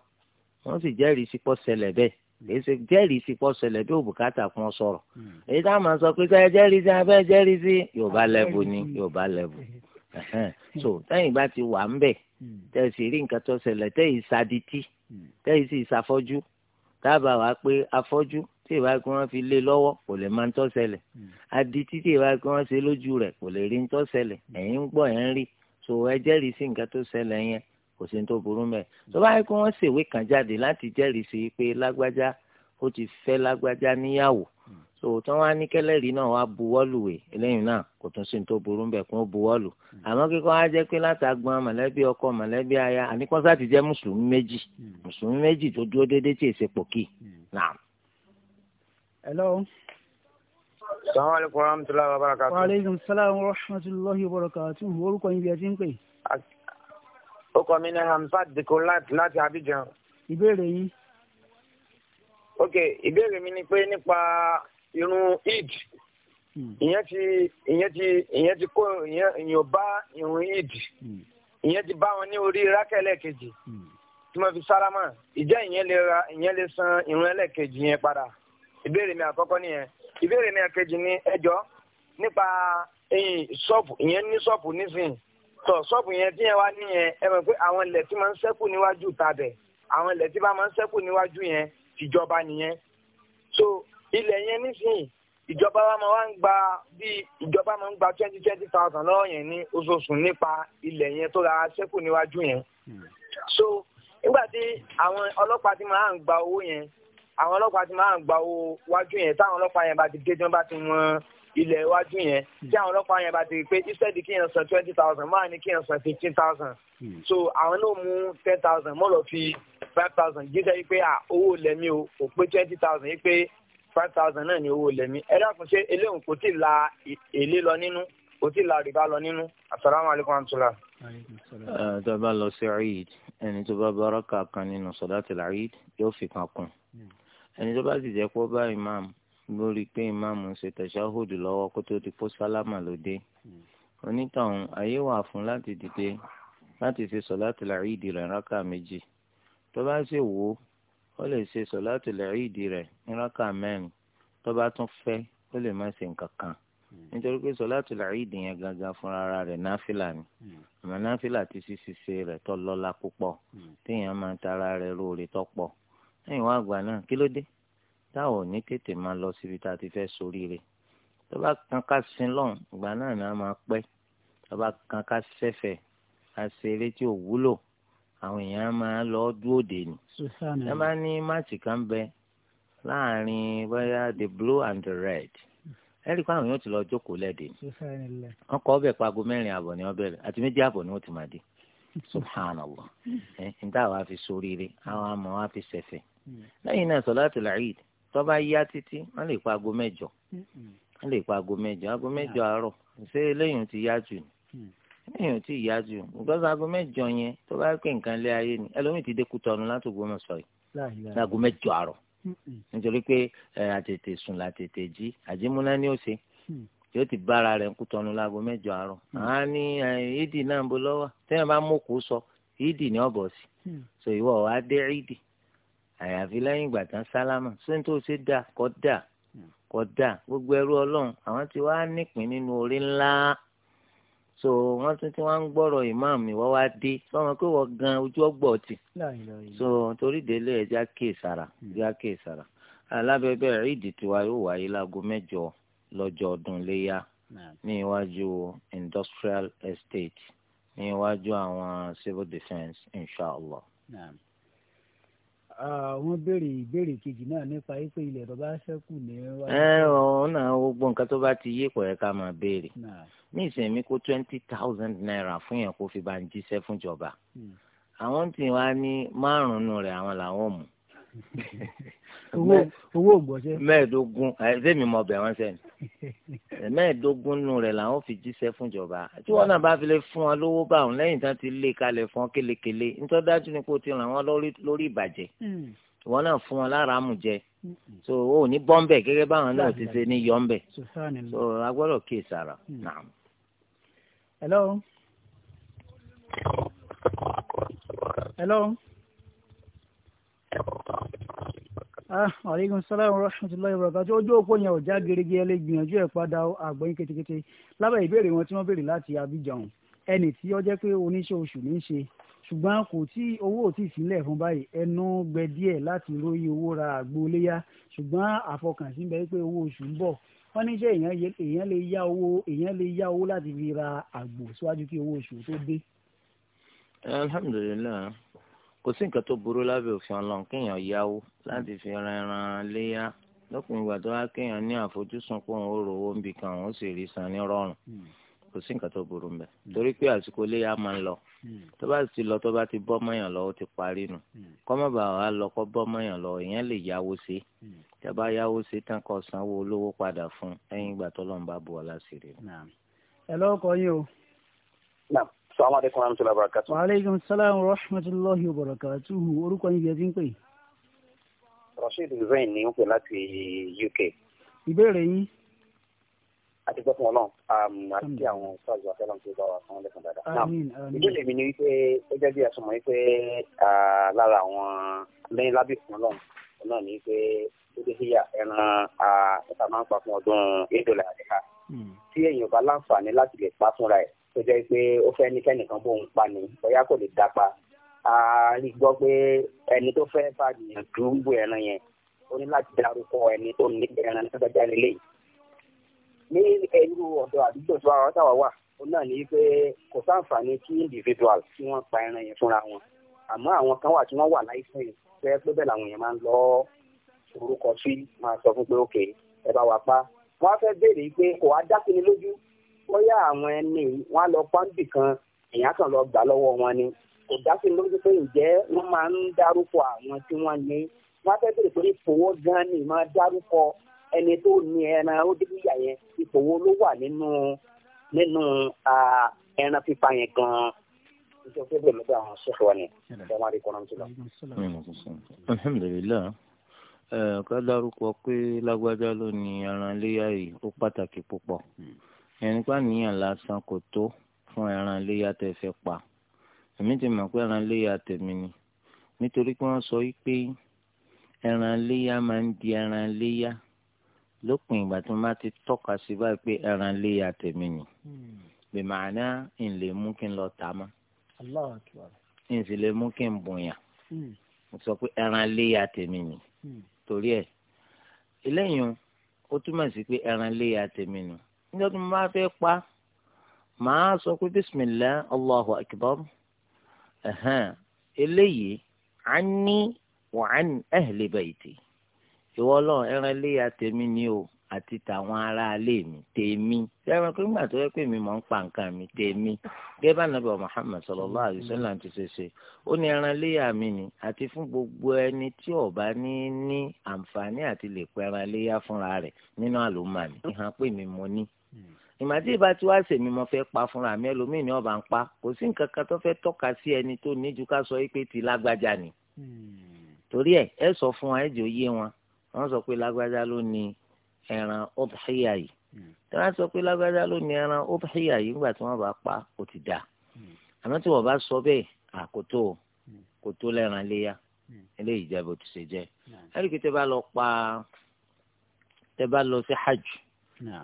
wọ́n sì jẹ́rìí sípò ṣẹlẹ̀ bẹ́ẹ̀ lèsè jẹ́rìí sípò ṣẹlẹ̀ bí òbúkátà fún ọ sọ̀rọ̀ hmm. èyí tá a máa sọ pé sẹ́yìn jẹ́rìí sí abẹ́ jẹ́rìí sí yorùbá lẹ́bù ni hmm. yorùbá lẹ́bù hmm. <laughs> so tẹ́yìn bá ti wà ń bẹ̀ tẹ́ sì rí nǹkan tó ṣẹlẹ̀ tẹ́yìn sadití tẹ́yìn sì ṣàfọ́jú dábàá wá pé afọ́jú tí ìbá kí wọ́n fi lé lọ́wọ́ kò lè máa ń tọ́ ṣẹlẹ̀ adití tí ìbá kí wọ́n ṣe lójú rẹ̀ kò lè rí ń tọ́ ṣẹlẹ̀ ẹ̀yin ń gbọ́ ẹ̀ ń rí so ẹ jẹ́rìí sí nǹkan tó ṣẹlẹ̀ yẹn kò sí ní tó burú mẹ́ẹ̀ mm. tó bá yẹ kó wọ́n ṣèwé kan jáde láti jẹ́rìí sí pé lágbájá ó ti fẹ́ lágbájá níyàwó mm. so tí wọ́n á ní kẹ́lẹ́rìí náà wá buwọ́lù wé eléyìí náà kò tún sí ní tó burú bẹ́ẹ̀ kó buwọ́lù mm. àmọ́ kíkọ́ á jẹ́ pé látàgbọ́n mọ̀lẹ́bí ọkọ mọ̀lẹ́bí aya àníkọ́sá ti jẹ́ mùsùlùmí méjì mùsùlùmí méjì tó dúró déédéé tí èsè pòkì náà. hello. salaamu alaykum wa rahmatulahi wa barakatu. wa aleykum salaam wa rahmatulahi wa barakatu. orúkọ yín bí ẹ ti ń pè ó kọ mi ní hamsat dikolat láti abidjan. ìbéèrè yìí. ok ìbéèrè mi ni pé nípa irun eid hmm. ìyẹn ti ìyẹn ti ìyẹn ti kó ìyẹn ìyẹn bá irun eid hmm. ìyẹn ti bá wọn ní orí rákẹ́lẹ̀ kejì hmm. tí mo fi sálámà ìjẹ́ ìyẹn lè ra ìyẹn lè san irun ẹlẹ́kejì yẹn padà ìbéèrè mi àkọ́kọ́ nìyẹn ìbéèrè mi ẹ̀kejì ni ẹjọ́ nípa ẹ̀yìn ṣọ́ọ̀bù ìyẹn ní ṣọ́ọ̀bù nísìnyí tọ ṣọ́ọ̀bù yẹn tí yẹn wá níyẹn ẹ mọ̀ pé àwọn ilẹ̀ tí máa ń ṣẹ́kù níwájú tabẹ̀ àwọn ilẹ̀ tí bá máa ń ṣẹ́kù níwájú yẹn tìjọba nìyẹn so ilẹ̀ yẹn nísìnyí ìjọba wa máa ń gba bí ìjọba máa ń gba twenty twenty thousand lọ́wọ́ yẹn ní oṣooṣù nípa ilẹ̀ yẹn tó ra ṣẹ́kù níwájú yẹn so nígbà tí àwọn ọlọ́pàá ti máa ń gba owó yẹn àwọn ọlọ́pàá ti máa ń gba owó wájú yẹn táwọn ọlọ́pàá yẹn bá ti dé tí wọ́n bá ti wọ́n ilẹ̀ iwájú yẹn hmm. tí àwọn ọlọ́pàá yẹn bá ti rí pé instead kí yẹn san twenty thousand máa ní kí yẹn san fifteen thousand hmm. so àwọn náà mú ten thousand mọ́ lọ fi five thousand jíjẹ́ yìí pé owó lẹ́mí o kò pé twenty thousand yìí pé five thousand náà ní owó lẹ́mí ẹ dákun ṣe eléhùn kò tí ì la èlé lọ nínú kò tí ì la rìbá lọ nínú asalaamualeykum amtula. tó bá lọ sí eid ẹni tó bá bára kà kan nínú sọ̀dá tẹ̀lé eid yóò fi kan kún hmm. ẹni tó bá sì jẹ́ pọ́ bá imam lórí pé ìmáàmù ṣe tẹ̀síáhùdù lọ́wọ́ kó tó ti kó sálámà lóde hmm. onítọ̀hún ayé wà fún láti dìde láti ṣe sọ̀láàtì làrídì rẹ̀ rákà méjì tó bá ṣe wò ó ó lè ṣe sọ̀láàtì làrídì rẹ̀ ní rákà mẹ́rin tó bá tún fẹ́ ó lè má ṣe nǹkan kan hmm. nítorí pé sọ̀láàtì làrídì yẹn gangan fúnra rẹ̀ náfìlà ni hmm. àmọ́ náfìlà ti ṣíṣe ṣe rẹ̀ tó lọ́lá púpọ̀ téèyàn máa tara rẹ̀ lóore tó pọ̀ táwọn ò ní tètè máa lọ síbi tá a ti fẹ́ soríire tó bá kan ká sin lọ́hùn ìgbà náà ni a máa pẹ́ tó bá kan ká sẹ́fẹ̀ a ṣe eré tí ò wúlò àwọn èèyàn máa lọ dúró dè ní. ẹ bá ní máàtì kan bẹ láàrin bóyá the blue and the red ẹ rí i pé àwọn èèyàn ti lọ jókòó lẹ́ẹ̀dẹ̀ ni wọ́n kọ́ ọbẹ̀ pago mẹ́rin àbọ̀ ni wọ́n bẹ̀rẹ̀ àti méjì àbọ̀ ni wọ́n ti máa dé subhanallah ẹ̀ ń tà wá fi sóríire àwọn àmọ́ wá fi sẹ̀fẹ̀ mm. lẹ́yìn náà sọ̀láàtì làáyìd tó bá yá títí wọ́n lè pa aago mẹ́jọ wọ́n lè pa aago mẹ́jọ aago mẹ́jọ àárọ̀ ṣé eléyìí ti yá jù ni mm. eléyìí ti yá jù because aago mẹ́jọ yẹn tó pè nǹkan lé ayé ni ẹlòmíì ti dé Kútọ́nù láti Ògbómọ̀ṣọ́ yìí aago mẹ́jọ àárọ̀ nítorí pé àtètè sùn làtètè jí àjímúná ni ó ṣe yóò mm. ti bára rẹ̀ ń Kútọ́nù láago mẹ́jọ àárọ̀ àá mm. ní ìdì náà ń bo lọ́wọ́ tẹ́yìn bá mú kó sọ ìdì ni ọ̀bọ̀ sí so ìwọ wàá dé ìdì àyàfi lẹ́yìn ìgbà tán sálámà ṣé n tó ṣe dà kọ́ dà kọ́ dà gbogbo ẹrú ọlọ́run àwọn tí wàá nípìn nínú orí ńlá so wọ́n tún tí wọ́n ń gbọ́rọ̀ ìmáàmù ìwọ́ wá dé sọ́mọ pé wọ́n gan ojú ọgbọ́ ọtì so torí délé ẹja kéè sára hmm. ẹja kéè sára alábẹ́bẹ́ ríìdì tiwa yóò wáyé láago mẹ́jọ lọ́jọ́ ọdún léyà ní iwájú industrial estate ní iwájú àwọn civil defence inshallah. Nah. Ah, wọ́n béèrè ìbéèrè kejì náà nípa ipe ilẹ̀ tó bá ṣẹ́kù ní. ẹ ọ̀hún náà gbogbo nǹkan tó bá ti yé kọ̀ ẹ́ máa béèrè ní ìsẹ̀mí kó twenty thousand naira fún yẹn kó fi bá ń jíṣẹ́ fúnjọba hmm. àwọn tí wàá ní márùn-ún rẹ̀ àwọn làwọn mú <laughs> owó ògbọ́sẹ́. mẹ́ẹ̀ẹ́dógún ẹ̀ẹ́dẹ́mi mọ bẹ̀ wọ́n sẹ́ni mẹ́ẹ̀ẹ́dógún nù rẹ̀ làwọn fi jíṣẹ́ fúnjọba tí wọ́n náà bá fi lè fún wọn lówó bá òun lẹ́yìn tán ti lé kalẹ̀ fún kélekèle nítorí dájú ni kò ti ràn wọ́n lórí ìbàjẹ́ hmm. wọn náà fún wọn lára mú jẹ hmm. so o ní bọ́ńbẹ̀ gẹ́gẹ́ báwọn náà ti ṣe ní yọ̀ǹbẹ̀ so agbọ́dọ̀ kí ìsàrà hmm. náà. hello. hello. Ah, aleykum salaam wa rahmatulahi wa barakatuh ojú òpó yẹn ò já gerege ẹ lè gbìyànjú ẹ padà àgbọ̀yìn ketekete lábẹ́ ìbéèrè wọn tí wọ́n béèrè láti Abidjan ẹnì tí ó jẹ́ pé oníṣẹ́ oṣù ní í ṣe ṣùgbọ́n kò tí owó ò tí ì sílẹ̀ fún báyìí ẹnu gbẹ díẹ̀ láti róyè owó ra àgbo léyà ṣùgbọ́n àfọkànsí ń bẹ pé owó oṣù ń bọ̀ wọ́n ní ṣé èèyàn lè yá owó èèyàn lè yá owó láti fi ra àgbo síwájú kí owó oṣù tó dé. alhamdulilayi kò sí nǹkan tó burú lábẹ́ òfin ọlọ́run kéèyàn yáwó láti fi rẹran léyà lọ́kùnrin ìgbà tó wá kéèyàn ní àfojúsùn pé òun ó rówó ń bì kan òun ó sì rí san ní rọrùn hmm. kò sí nǹkan tó burú mbẹ hmm. torí pé àsìkò léyà máa ń lọ hmm. tó bá ti lọ tó bá ti bọ́ mọ́yàn lọ ó ti parí nu kọ́mọ́bà wa lọ kọ́ bọ́ mọ́yàn lọ èèyàn lè yáwó sí tí a bá yáwó sí tán kọ́ sanwó olówó padà fún ẹ̀yìn ìgbà tó lọ́n bá bu ọ̀la sí rí. ẹ lọ́kọ̀ yín o. Assalamu alaikum warahmatullahi wabarakatuh. Wa alaikum salam warahmatullahi wabarakatuh. Orúkọ yín bí ẹ ti ń pè. Rasheed Hussein ni ó pè láti UK. Ìbéèrè yín. A ti gbọ́ fún Ọlọ́run. Àti àwọn ìfọ̀jù àfẹ́lọ́n tó bá wà fún ọlẹ́kùn dáadáa. Ìdílé mi ni wípé ó jẹ́ bí àsomọ́ wípé lára àwọn lẹ́yìn lábẹ́ fún Ọlọ́run náà ni pé ó dé sí ẹran ẹ̀ka máa ń pa fún ọdún Eid al-Adha. Hmm. Tí èèyàn bá láǹfààní láti lè pa fúnra ẹ̀ tó jẹ́ pé ó fẹ́ ní kẹ́nìkan bóun pa ni bóyá kò lè dápa a rí gbọ́ pé ẹni tó fẹ́ bá gbìyànjú ń bò ẹran yẹn ó ní láti dárúkọ ẹni tó ní ẹran tó dájá nílé yìí ní irú ọ̀dọ̀ àdúgbò tó àwọn táwa wà ó náà ní pé kò sáǹfààní kí individual tí wọ́n pa ẹran yẹn fúnra wọn àmọ́ àwọn kan wà tí wọ́n wà láìsàn yìí tó yẹ pé bẹ́ẹ̀ làwọn èèyàn máa ń lọ orúkọ sí máa sọ fún pé òkè ẹ bá wa pa wọ́n á fẹ́ béèrè pé kò á dákínni lójú bóyá àwọn ẹni wọn á lọ pọ́ńbì kan èèyàn kan lọ gbà lọ́wọ́ wọn ni kò dá sí lójú pé ǹjẹ́ wọ́n máa ń dárúkọ àwọn tí wọ́n ní wọ́n á fẹ́ bèrè pé ìfowó gan ni máa dárúkọ ẹni tó ní ẹran ó dé níyà yẹn ìfowó ló wà nínú nínú ẹran pípa yẹn gan-an. Alhamdulillah ẹ ká dárúkọ pé lágbájá ló ní ẹran léyà yìí ó pàtàkì púpọ̀. Hmm ẹni pa níyàn lásán kò tó fún ẹran iléyà tẹ́ fẹ́ pa èmi ti mọ̀ pé ẹran iléyà tèmi ni nítorí pé wọ́n sọ wípé ẹran iléyà máa ń di ẹran iléyà lópin ìgbà tí wọ́n bá ti tọ́ka sí báyìí pé ẹran iléyà tèmi ni bìmọ̀ọ́nà ń lè mú kí n lọ tà á mọ́ ń sì lè mú kí n bùnyàn hmm. mo sọ pé ẹran iléyà tèmi ni hmm. torí ẹ̀ eléyìí ó túmọ̀ sí pé ẹran iléyà tèmi ni níjọ́ tí mo bá fẹ́ pa màá sọ pé bísímìlá allahu akbar ẹ̀hán eléyìí á ní wà á ní ẹ̀hìnlẹ̀ bẹ̀yìtì ìwọ ọlọ́run ẹran ilé àtẹ̀mí ni o àti tàwọn ará ilé mi tèmi ẹran pé nígbà tó yẹ pé mi mọ̀ ń pa nǹkan mi tèmi gẹ́gẹ́ bá nàbẹ̀ Muhammad sallallahu alaihi wasallam ti ṣe ó ní ẹran iléyà mi ni àti fún gbogbo ẹni tí ó ní ní àǹfààní àti lè pẹran iléyà fúnra rẹ̀ nínú àlùmọ́ ìhàn pé mi mo ní ìgbà tí ìbá tí wàá sèmi mo fẹ́ pa fúnra mi ẹlòmíì ni ọba ń pa kò sí nǹkan kan tó fẹ́ tọ́ka sí ẹni tó ní ká sọ pé ti lágbájá ni torí ẹ ẹ sọ fún wa ẹ jẹ́ òye wọn wọ́n sọ pé lágbájá ló ní ẹran ọbẹ̀híyà yìí tí wọ́n sọ pé lágbájá ló ní ẹran ọbẹ̀híyà yìí nígbà tí wọ́n bá pa kò ti dà àmọ́ tí wọ́n bá sọ bẹ́ẹ̀ àkótó kótó lẹ́ran léyà eléyìí jẹ́ bó ti ṣe jẹ́ ẹ̀rí pé tẹ́ bá lọ pa tẹ́ bá lọ sí hajj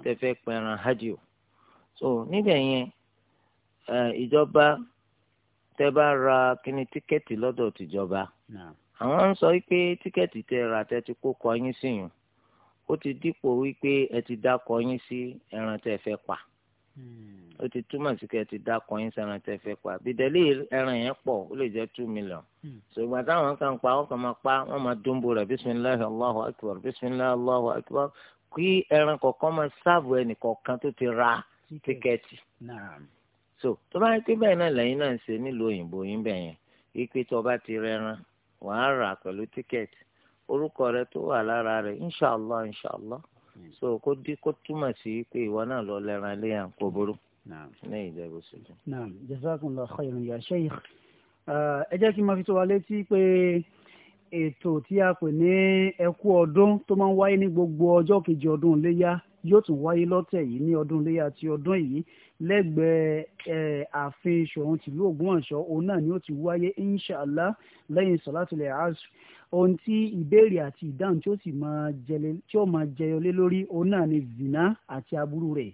tẹ́ fẹ́ pẹran hajj o so níbẹ̀ yẹn ìjọba tẹ́ bá ra kíni tíkẹ́ẹ̀tì lọ́dọ̀ tìjọba àwọn ń sọ wípé tíkẹ́ẹ̀tì tẹ́ ra tẹ́ ti kó kọyín sí yùn ó ti dípò wípé ẹ ti dá kọyín sí ẹran tẹ́ fẹ́ pa hmm. ó ti túmọ̀ sí kẹ́ ẹ ti dá kọyín sí ẹran tẹ́ fẹ́ pa bìdẹ́lì ẹran yẹn pọ̀ ó lè jẹ́ two million ṣùgbọ́n hmm. táwọn kan pa ọkàn máa pa wọ́n máa dúnbò rẹ̀ bisimilahi allahu akbar bisimilahi allahu akbar kí ẹran kọ̀ọ̀kan máa ṣáàbù ẹnì kọ̀ọ̀kan tó ti ra tíkẹ́ẹ̀tì. so tó bá yẹ pé bẹ́ẹ̀ náà lẹ́yìn náà ń ṣe nílùú òyìnbó yín bẹ̀ yẹn wípé tó bá ti rẹran wàá rà pẹ̀lú tíkẹ́ẹ̀tì orúkọ rẹ tó wà lára rẹ inṣàlá inṣàlá hmm. so kó dí kó túmọ̀ sí pé ìwọ náà lọ lẹ́ran ilé yàn kó burú. ní ìjẹ́bù sílẹ̀. naam jazakumullahu khairan ya sheikh ẹ jẹ́ kí n máa fi tó wa létí pé ètò tí a pè ní ẹkú ọdún tó máa ń wáyé ní gbogbo ọjọ́ kejì ọdún iléyà yóò tún wáyé lọ́tẹ̀ yìí ní ọdún iléyà ti ọdún yìí lẹ́gbẹ̀ẹ́ ààfin ṣòun tìlú ògbómọ̀ṣọ́ òun náà ni ó ti wáyé inshàlá lẹ́yìn sọ̀látìlẹ̀ asu ohun tí ìbéèrè àti ìdáhùn tí ó sì máa jẹyọ lé lórí òun náà ni zina àti aburú rẹ̀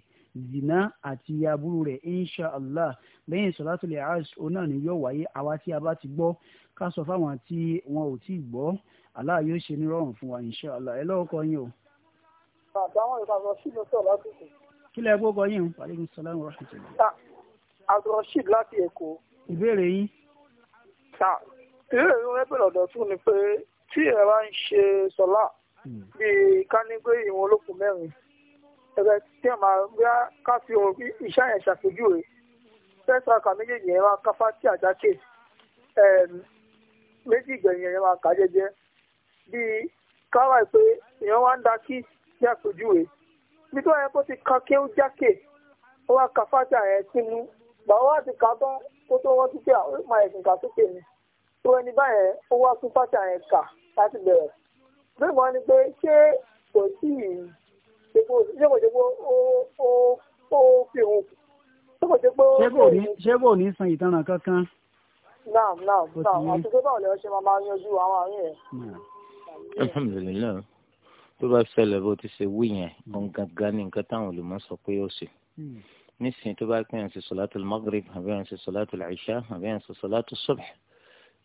zina àti aburú rẹ̀ inshàlá lẹ́yìn sọ̀látìlẹ̀ asu òun náà ni yóò wáyé àwa tí a bá ti gbọ́ ká sọ fáwọn tí wọn ò tí ì gbọ́ Allah yóò ṣe nírọ̀rùn fún wa inshallah ẹ lọ́wọ́ kọ́ yín o. àtàwọn ìlànà sí ló sọ lásìkò. kílẹ̀ ẹgbẹ́ kọ yín o. aleykum salaam wa rahmatulah. abdulrasheed láti èkó. ìbéèrè yín. ta ìbéèrè yín wọ́n bẹ̀rẹ̀ ọ̀dọ̀ tún ni pé tí ẹ bá ń ṣe sọlá hmm. bíi kánígbé ìwọ̀n olókùn mẹ́rin ẹgbẹ́ tí ẹ máa gbá ká fi iṣẹ́ yẹn ṣàpèjúwe fẹ́ẹ́ sọ àkà méjèèjì yẹn wá káfá tí àjákè méjì gbẹ̀yìn ẹ̀yẹ́ máa kà jẹ́jẹ́ bíi káwáì pé èèyàn wá ń da kí ní àpèjúwe bí tó yẹ kó ti ka kí ó jákè ó wá ka yẹn sínú ti tán kó tó wọ́n àwọn ah, ẹ̀sìn ni tó ẹni báyẹn ó wá tún fájà yẹn kà láti bẹ̀rẹ̀ pé ṣé kò sí ó fi ṣé kò ní san ìtanràn kankan. náà náà náà àti pé báwo lè ṣe máa máa yanjú àwọn àárín yẹn. alhamdulilayi tó bá ṣẹlẹ̀ bó ti ṣe wí yẹn gangan ní nǹkan táwọn olùmọ̀ sọ pé ó ṣe hmm. nísìnyí tó bá pín àti sọláàtù magrib àbí àti sọláàtù aisha àbí àti sọláàtù subh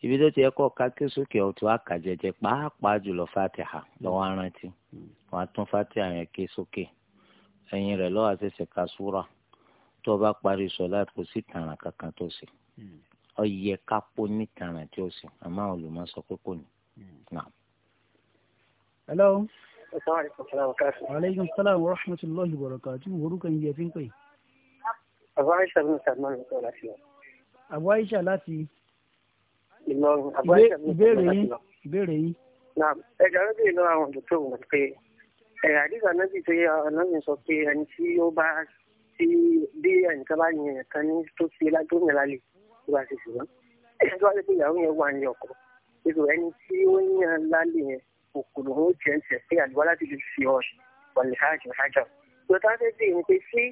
ibi tó ti yẹ kó ká ké sókè ọtún àkàjẹjẹ pàápàá jùlọ fatiha lọ́wọ́ arántí wọn á tún fatiha yẹn ké sókè ẹ̀yìn rẹ̀ lọ́wọ́ àṣẹṣẹ ká súra tó bá parí sọláàtù kò sí tààrà kankan tó ṣe hmm ọyẹ kápó nítanà tí ó sì àmọ́ àwọn olùmọ̀ sọ pé kò ní. Hmm. hello. aleykum salaam wa rahmatulahi wa barakatuh orúkọ yìí ẹ fi ń pè. àbú àyíṣà ló ń sàmúlò ní ọ̀la sí wa. àbú àyíṣà láti. ìlọrin àbú àyíṣà ló ń sàmúlò láti wa. ìbéèrè yín. ẹ jàre bí ìlú àwọn dòtò wọn pé ẹ àdìgbà náà bí pé ọlọ́run sọ pé ẹni tí ó bá ti bí ẹnìkan bá yẹn kan ní tó ṣe lágbóyìn lálẹ́ tó bá ti ṣùgbọ́n tó bá ti pé ìyàwó yẹn wà ní ọkọ nítorí ẹni tí ó ń yàn lálẹ́ yẹn òkòlò ó jẹ́ ẹsẹ̀ pé àdúrà láti lè fi ọ̀ wọlé hajj hajj tó tá a fẹ́ bèèrè ni pé ṣé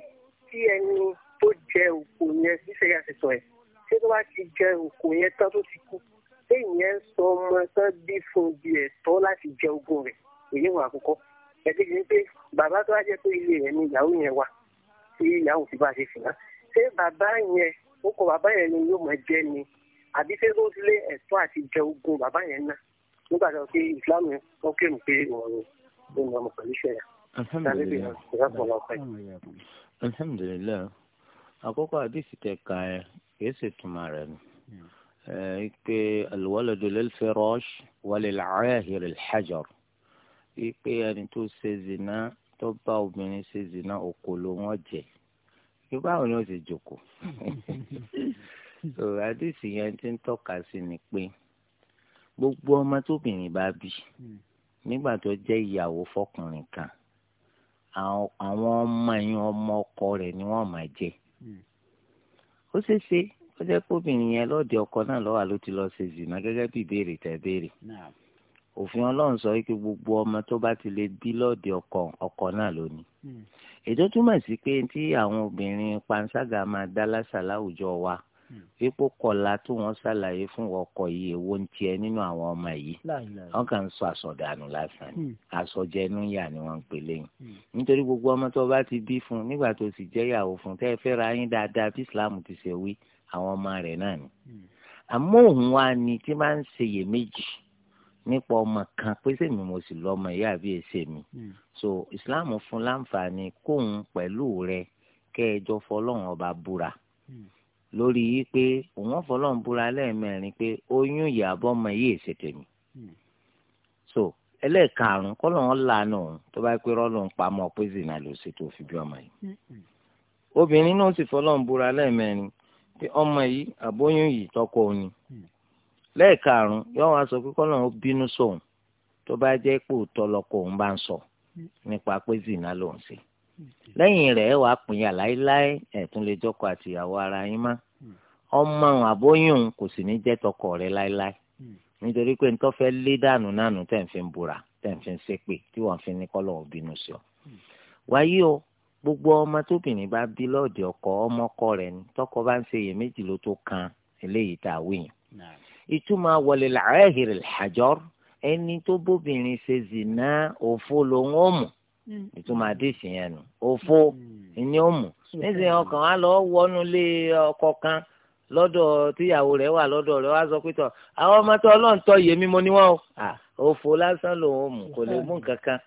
tí ẹni tó jẹ òkò yẹn ṣíṣe yà ti sọ ẹ̀ ṣé tó bá ti jẹ òkò yẹn tán tó ti kú ṣé ìyẹn sọ ọmọ tán bí fún bí ẹ̀tọ́ láti jẹ ogún rẹ̀ èyí wà àkọ́kọ́ ẹ̀kejì ni pé bàbá tó wá jẹ́ pé ilé rẹ̀ ni ìyàwó yẹn wà tí ìyàwó ti bá ṣe fìlà ṣé bàbá yẹn ó kọ bàbá yẹn ni yóò máa jẹ́ ni àbí ṣé ó lé ẹ̀tọ́ àti jẹ ogún bàbá yẹn náà nígbà tó pé islam wọn kéwù pé ìwọ̀n ló ní ọmọ pẹ̀lú ìṣẹ̀yà. alhamdulilayi àkókò àdìsí tẹ ka ẹ kìí ṣe tuma rẹ ni ipe alwaladu lilfirash walil'ahir alhajar ipe ẹni tó ṣe zina tó bá obìnrin ṣe zina òkò ló wọn jẹ báwo ni ó ṣe jókòó <laughs> so àdìsí yẹn ti ń tọ́ka sí ni pé gbogbo ọmọ tóbìnrin bá bí hmm. nígbà tó jẹ́ ìyàwó fọkùnrin kan àwọn ọmọ yẹn ọmọ ọkọ rẹ̀ ni wọ́n máa jẹ hmm. ó ṣeéṣe ó jẹ́ kóbìnrin yẹn lọ́ọ̀dẹ̀ ọkọ náà lọ́wọ́ ló ti lọ ṣe zìnà gẹ́gẹ́ bí ìbéèrè tẹ̀ béèrè òfin ọlọ́run sọ wípé gbogbo ọmọ tó bá ti lè bí lọ́ọ̀dì ọkọ ọkọ náà lónìí. Hmm. ètò túmọ̀ sí pé tí àwọn obìnrin panṣágà máa dá lásà láwùjọ wa fipò hmm. kọlá tó wọn ṣàlàyé fún ọkọ yìí èwo ń tiẹ̀ nínú àwọn ọmọ yìí wọn kàn ń sọ àsọdànù lásán ni hmm. àsọjẹnu yà ni wọn ń pè lẹ́yìn nítorí gbogbo ọmọ tó bá ti bí fún nígbà tó sì jẹ́ ìyàwó fún tẹ́ ẹ fẹ́ ra yín dáadáa bí Islam ti ṣe wí àwọn ọmọ rẹ̀ náà ni àmọ́ òun wa ni tí máa ń ṣe iyèméjì nípa ọmọ kan pé sèmi mo sì lọ ọmọ ìyá àbí èsè mi hmm. so islam fún láǹfààní kóun pẹ̀lú rẹ kẹjọ fọlọ́run ọba búra hmm. lórí yìí pé òun fọlọ́run búra lẹ́ẹ̀mẹrin pé oyún ìyàbọ̀ ọmọ yìí èsè tèmi hmm. so ẹlẹ́ẹ̀karùn-ún kọ́lọ́run lànà òun tó bá pẹ́ rọ́lọ́run pamọ́ pé zina ló ṣe tó fi bí ọmọ yìí obìnrin náà sì fọlọ́run búra lẹ́ẹ̀mẹrin pé ọmọ yìí àbóyún yìí tọ́kọ òun ni. lẹ́ẹ̀karùn yóò wá sọ pé kọ́nà ó bínú sóun tó bá jẹ́ pé òótọ́ lọkọ òun bá ń sọ nípa pé zina lòun ṣe lẹ́yìn rẹ̀ ẹ láéláé ẹ̀tún àtìyàwó ara yín má ọmọ àwọn àbóyún kò sì ní jẹ́ tọkọ láéláé nítorí pé nítorí fẹ́ lé dànù tẹ̀ ń fi ń fi tí wọ́n fi ọ. gbogbo ọmọ tóbìnrin bá bí ìtumọ̀ walil ahiril hajar ẹni tó bóbìnrin ṣe zìnà òfo lòun ó mú hmm. ìtumọ̀ àdìsí yẹn nù òfo hmm. ni ó mú hmm. nísìnyí ọkàn á lọ wọnú lé ọkọ kan lọ́dọ̀ tíyàwó rẹ̀ wà lọ́dọ̀ rẹ̀ wá sọ pé tọ̀ àwọn ọmọ tó ọlọ́ǹtọ́ yèmí mo ní wọn o òfo lásán lòun ò mú kò lè mú nǹkan kan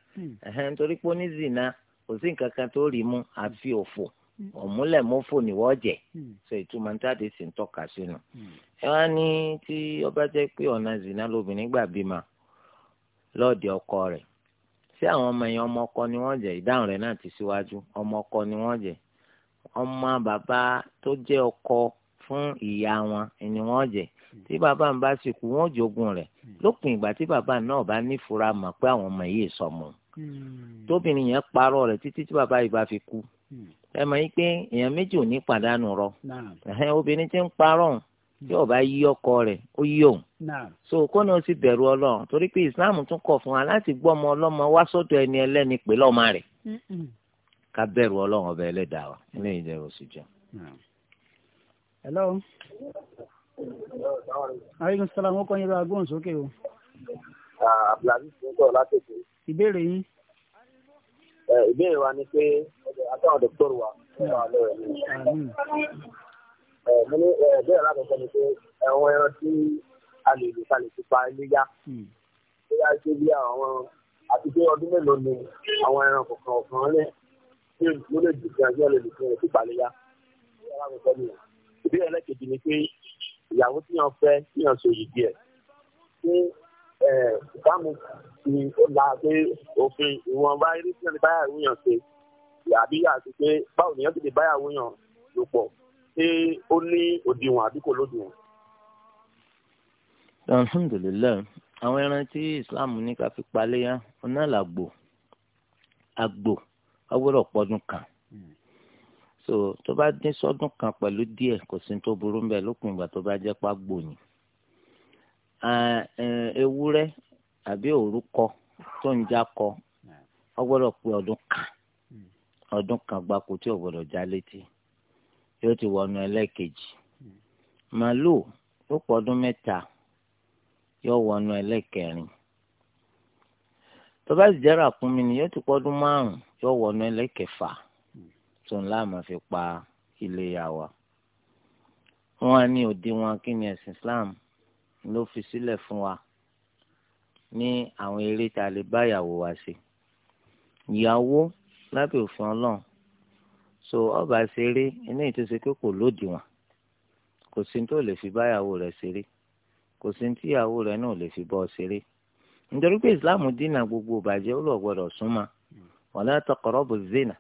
nítorí pé onízìnà kò sí nǹkan kan tó rí mú àfi òfo ọ̀múlẹ̀mọ́fò ni wọ́n jẹ́ hmm. sọ ìtumọ̀ jáde sì ń tọ́ka sínú. Hmm. ẹ wá ní tí ọba jẹ́ pé ọ̀nà zina lóbìnrin gbà bímọ lọ́ọ̀dẹ ọkọ rẹ̀ ṣé àwọn ọmọ yẹn ọmọ ọkọ ni wọ́n jẹ́ ìdáhùn rẹ̀ náà ti síwájú ọmọ ọkọ ni wọ́n jẹ́ ọmọ bàbá tó jẹ́ ọkọ fún ìyá wọn ni wọ́n jẹ́ hmm. tí bàbá ń bá sì kú jogun rẹ̀ lópin ìgbà tí bàbá náà bá nífura mọ̀ pé àwọn ọmọ yìí sọmọ tóbìnrin yẹn parọ́ rẹ̀ títí tí bàbá yìí fi kú Hmm. ẹ mọ̀ yín pé èèyàn méjì ò ní pàdánù rọ obìnrin tí ń parọ́ tí bá yí ọkọ rẹ̀ ó yí òun so kọ́ni ó sì bẹ̀rù ọlọ́run torí pé islam tún kọ̀ fún wa láti gbọ́ ọmọ ọlọ́mọ wá sọ́dọ̀ ẹni ẹlẹ́ni pè lọ́mọ rẹ̀ ká bẹ̀rù ọlọ́run ọba ẹlẹ́dàá wa ilé ìjẹun sì jẹun. hello. aleykum salaam ó kọ́ yín lọ agbóhùnsókè o. Ah, abdulaziz ìbéèrè wa ni pé àtàwọn dọ́kítọ́rù wa wà lọ́wọ́ ẹ̀ mo ní ìbéèrè alákọ̀ọ́kọ́ ni pé àwọn ẹran tí a lè lò ta lè fi pa iléyá ó yá hmm. ṣe bí àwọn àti pé ọdún mélòó ni àwọn ẹran kọ̀ọ̀kan ọ̀kan lè ló lè jù fún ẹgbẹ́ lè lò fún ẹ̀ fipá iléyá ìbéèrè alákọ̀ọ́kọ́ ni ìbéèrè ẹlẹ́kejì ni pé ìyàwó tíyàn fẹ́ tíyàn so yìí díẹ̀ ṣé ìbámu ti la pé òfin ìwọ̀nba eré tí wọ́n ti báyàwó yàn ṣe àbí àti pé báwo nìyẹn ti lè báyàwó yàn lò pọ̀ ṣé ó ní òdiwọ̀n àbí kò lódiwọ̀n. alhamdulilayi àwọn ẹran tí islam ní ká fi paléyà ọ̀nà làgbò àgbò ọgbọ́dọ̀ pọ́dún kan so tó bá dín sọ́dún kan pẹ̀lú díẹ̀ kò sí tó burú ń bẹ̀ lópin ìgbà tó bá jẹ́ pàgbò ni ewúrẹ́ àbí òrúkọ tó ń jákọ ọ gbọ́dọ̀ pé ọdún kan hmm. ọdún kan gbáko tí ò gbọ́dọ̀ já létí yóò ti wọnú ẹlẹ́ẹ̀kejì hmm. màálù ó pọ̀ ọdún mẹ́ta yóò wọnú ẹlẹ́ẹ̀kẹrin tó bá sì jẹ́ ràkúnmí ni yóò ti pọ̀ ọdún márùn-ún yóò wọnú ẹlẹ́ẹ̀kẹfà tó ńlá máa fi pa ilé ya wa wọn á ní òdiwọn kí ni ẹ̀sìn Islam ló fi sílẹ̀ fún wa. ní àwọn eré tá a lè bá ìyàwó wa ṣe ìyàwó lábẹ́ òfin ọlọ́run so ọba ṣeré iná ìtúnṣe pé kò lódiwọ̀n kò sí tó lè fi bá ìyàwó rẹ̀ ṣeré kò sí tí ìyàwó rẹ̀ náà lè fi bọ́ ṣeré nítorí pé ìsìláàmù dínà gbogbo ìbàjẹ́ ó lọ gbọdọ̀ súnmọ́ wala taqrabu zina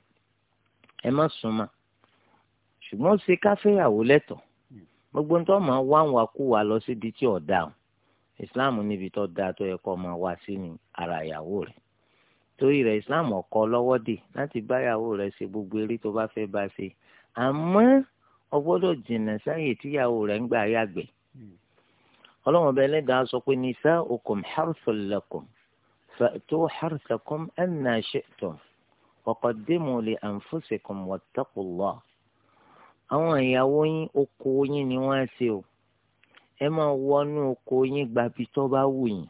ẹ má súnmọ́ ṣùgbọ́n ṣe káfíńyàwó lẹ́tọ̀ọ́ gbogbo nítorí wọn máa wá wọn kú wa lọ síbi tí ọ̀daràn islam níbi tó dáa tó yẹ kó máa wá sí ni ara ìyàwó rẹ̀ torí rẹ̀ islam ọkọ lọ́wọ́ dè láti bá ìyàwó rẹ̀ ṣe gbogbo eré tó bá fẹ́ bá ṣe àmọ́ o gbọ́dọ̀ jìnnà sáyè tíyàwó rẹ̀ ń gbà yàgbẹ́ ọlọ́run ọba ẹlẹ́dàá sọ pé nisa'ukum harthul lakum fa'tu harthakum anna shi'tum waqaddimu li anfusikum wattaqullah àwọn ìyàwó yín oko yín ni wọ́n ṣe o ẹ máa wọnú oko yín gbabi tó bá wù yín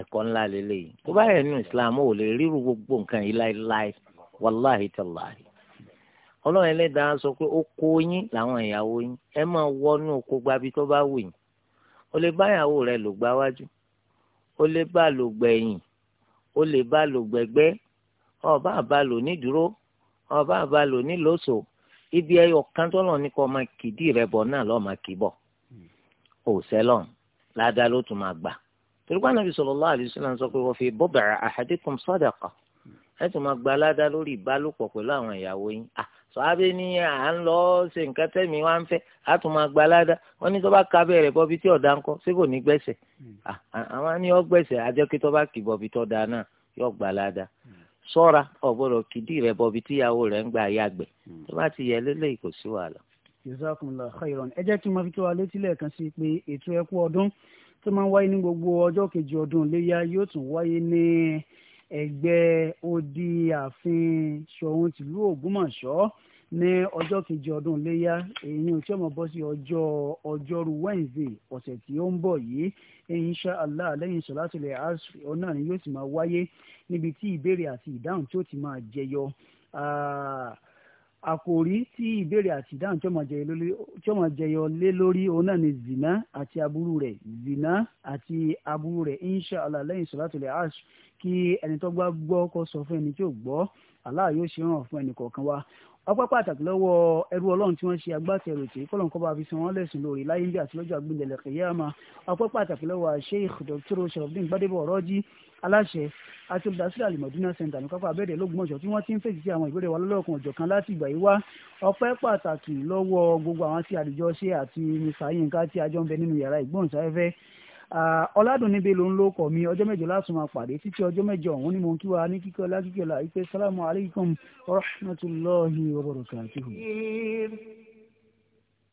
ẹ̀kọ́ ńlá lélẹ́yìí tó bá yẹ nínú islam ò lè ríru gbogbo nǹkan yìí láéláé wàláhì tàláhì ọlọ́run ẹlẹ́dàá sọ pé oko yín làwọn ìyàwó yín ẹ máa wọnú oko gbabi tó bá wù yín o lè bá ìyàwó rẹ lò gbá wájú o lè bá lò gbẹ̀yìn o lè bá lò gbẹ̀gbẹ́ ọba àbá lò nídúró ọba àbá lò nílòsò ibi ẹyọ kan tó lọ ní kó máa kìdí rẹ bọ̀ náà lọ́ọ́ máa kì í bọ̀ òsẹ́lọ̀n ládàá ló tún máa gbà torípa nàbì sallallahu alaihi wasallam sọ pé wọ́n fi bọ́bà ahadikum sadaqa ẹ tún máa gba ládàá lórí ìbálòpọ̀ pẹ̀lú àwọn ìyàwó yín ah, sọ́ábẹ́ ní à ń lọ ṣe nǹkan tẹ́mi wá ń fẹ́ á tún máa gba ládàá wọ́n ní tó bá ka bẹ́ẹ̀ rẹ̀ bọ́bí tí ọ̀dà ń kọ́ ṣé kò ní gbẹ̀sẹ̀ ah, àwọn ní ọ gbẹ̀sẹ̀ ajẹ́ kí tó bá kì bọ́bí tó da náà yóò gba ládàá sọ́ra ọ̀gbọ́dọ̀ kìdí rẹ̀ bọ́bí tíyàwó rẹ̀ ń gbà yàgbẹ́ tó bá ti yẹ lélẹ́yìí kò sí wàhálà jazakumullah khairan ẹ jẹ́ kí n máa fi tó wa létí lẹ́ẹ̀kan sí pé ètò ẹkú ọdún tó máa ń wáyé ní gbogbo ọjọ́ kejì ọdún iléyà yóò tún wáyé ní ẹgbẹ́ odi ààfin ṣòun tìlú ògbómọ̀ṣọ́ ní ọjọ́ kejì ọdún iléyà èyí ò tí ó máa bọ́ sí ọjọ́ ọjọ́rú wednesday ọ̀sẹ̀ tí ó ń bọ̀ yìí insha allah lẹ́yìn sọ̀látù lè asri ọ̀nà ni yóò sì máa wáyé níbi tí ìbéèrè àti ìdáhùn tí ó ti máa jẹyọ àkòrí tí ìbéèrè àti ìdáhùn tí ọmọ jẹyọ lé lórí òun náà ni zina àti aburú rẹ̀ zina àti aburú rẹ̀ inshallah lẹ́yìn sọlátùlẹ ash kí ẹni tó gbọ́ kó sọ fún ẹni tí ò gbọ́ Allah yóò ṣe ràn fún ẹnì kọ̀ọ̀kan wa ọpẹ́ pàtàkì lọ́wọ́ ẹrú ọlọ́run tí wọ́n ṣe agbátẹrù tí kọ́lọ́n kọ́ bá fi san wọ́n lẹ́sùn lórí láyé bí àtìlọ́jọ́ àgbéǹdẹ̀lẹ̀ kìyàmá ọpẹ́ pàtàkì lọ́wọ́ Sheikh Dr. Sharafdin Gbadebo Ọ̀rọ́jì aláṣẹ àti olùdásílẹ̀ alimọ̀dúnà center ní kápá abẹ́rẹ́ lógúnmọ̀ṣọ́ tí wọ́n ti ń fèsì sí àwọn ìbéèrè wa lọ́lọ́kan ọ̀jọ̀kan láti ìgbà yìí wá ọpẹ́ pàtàkì lọ́wọ́ gbogbo àwọn tí àdìjọ ṣe àti mr yinka tí a jọ ń bẹ nínú yàrá ìgbóhùnsáfẹ́fẹ́ ọ̀làdùnníbe ló ń lò kọ̀ mí ọjọ́ mẹ́jọ láti máa pàdé títí ọjọ́ mẹ́jọ ọ̀hún ni mo ń kí wa ní kíkọ́ lákìkọ́lá ìpè sálámù alaykum wa rahmatulahi wa barakatuhu.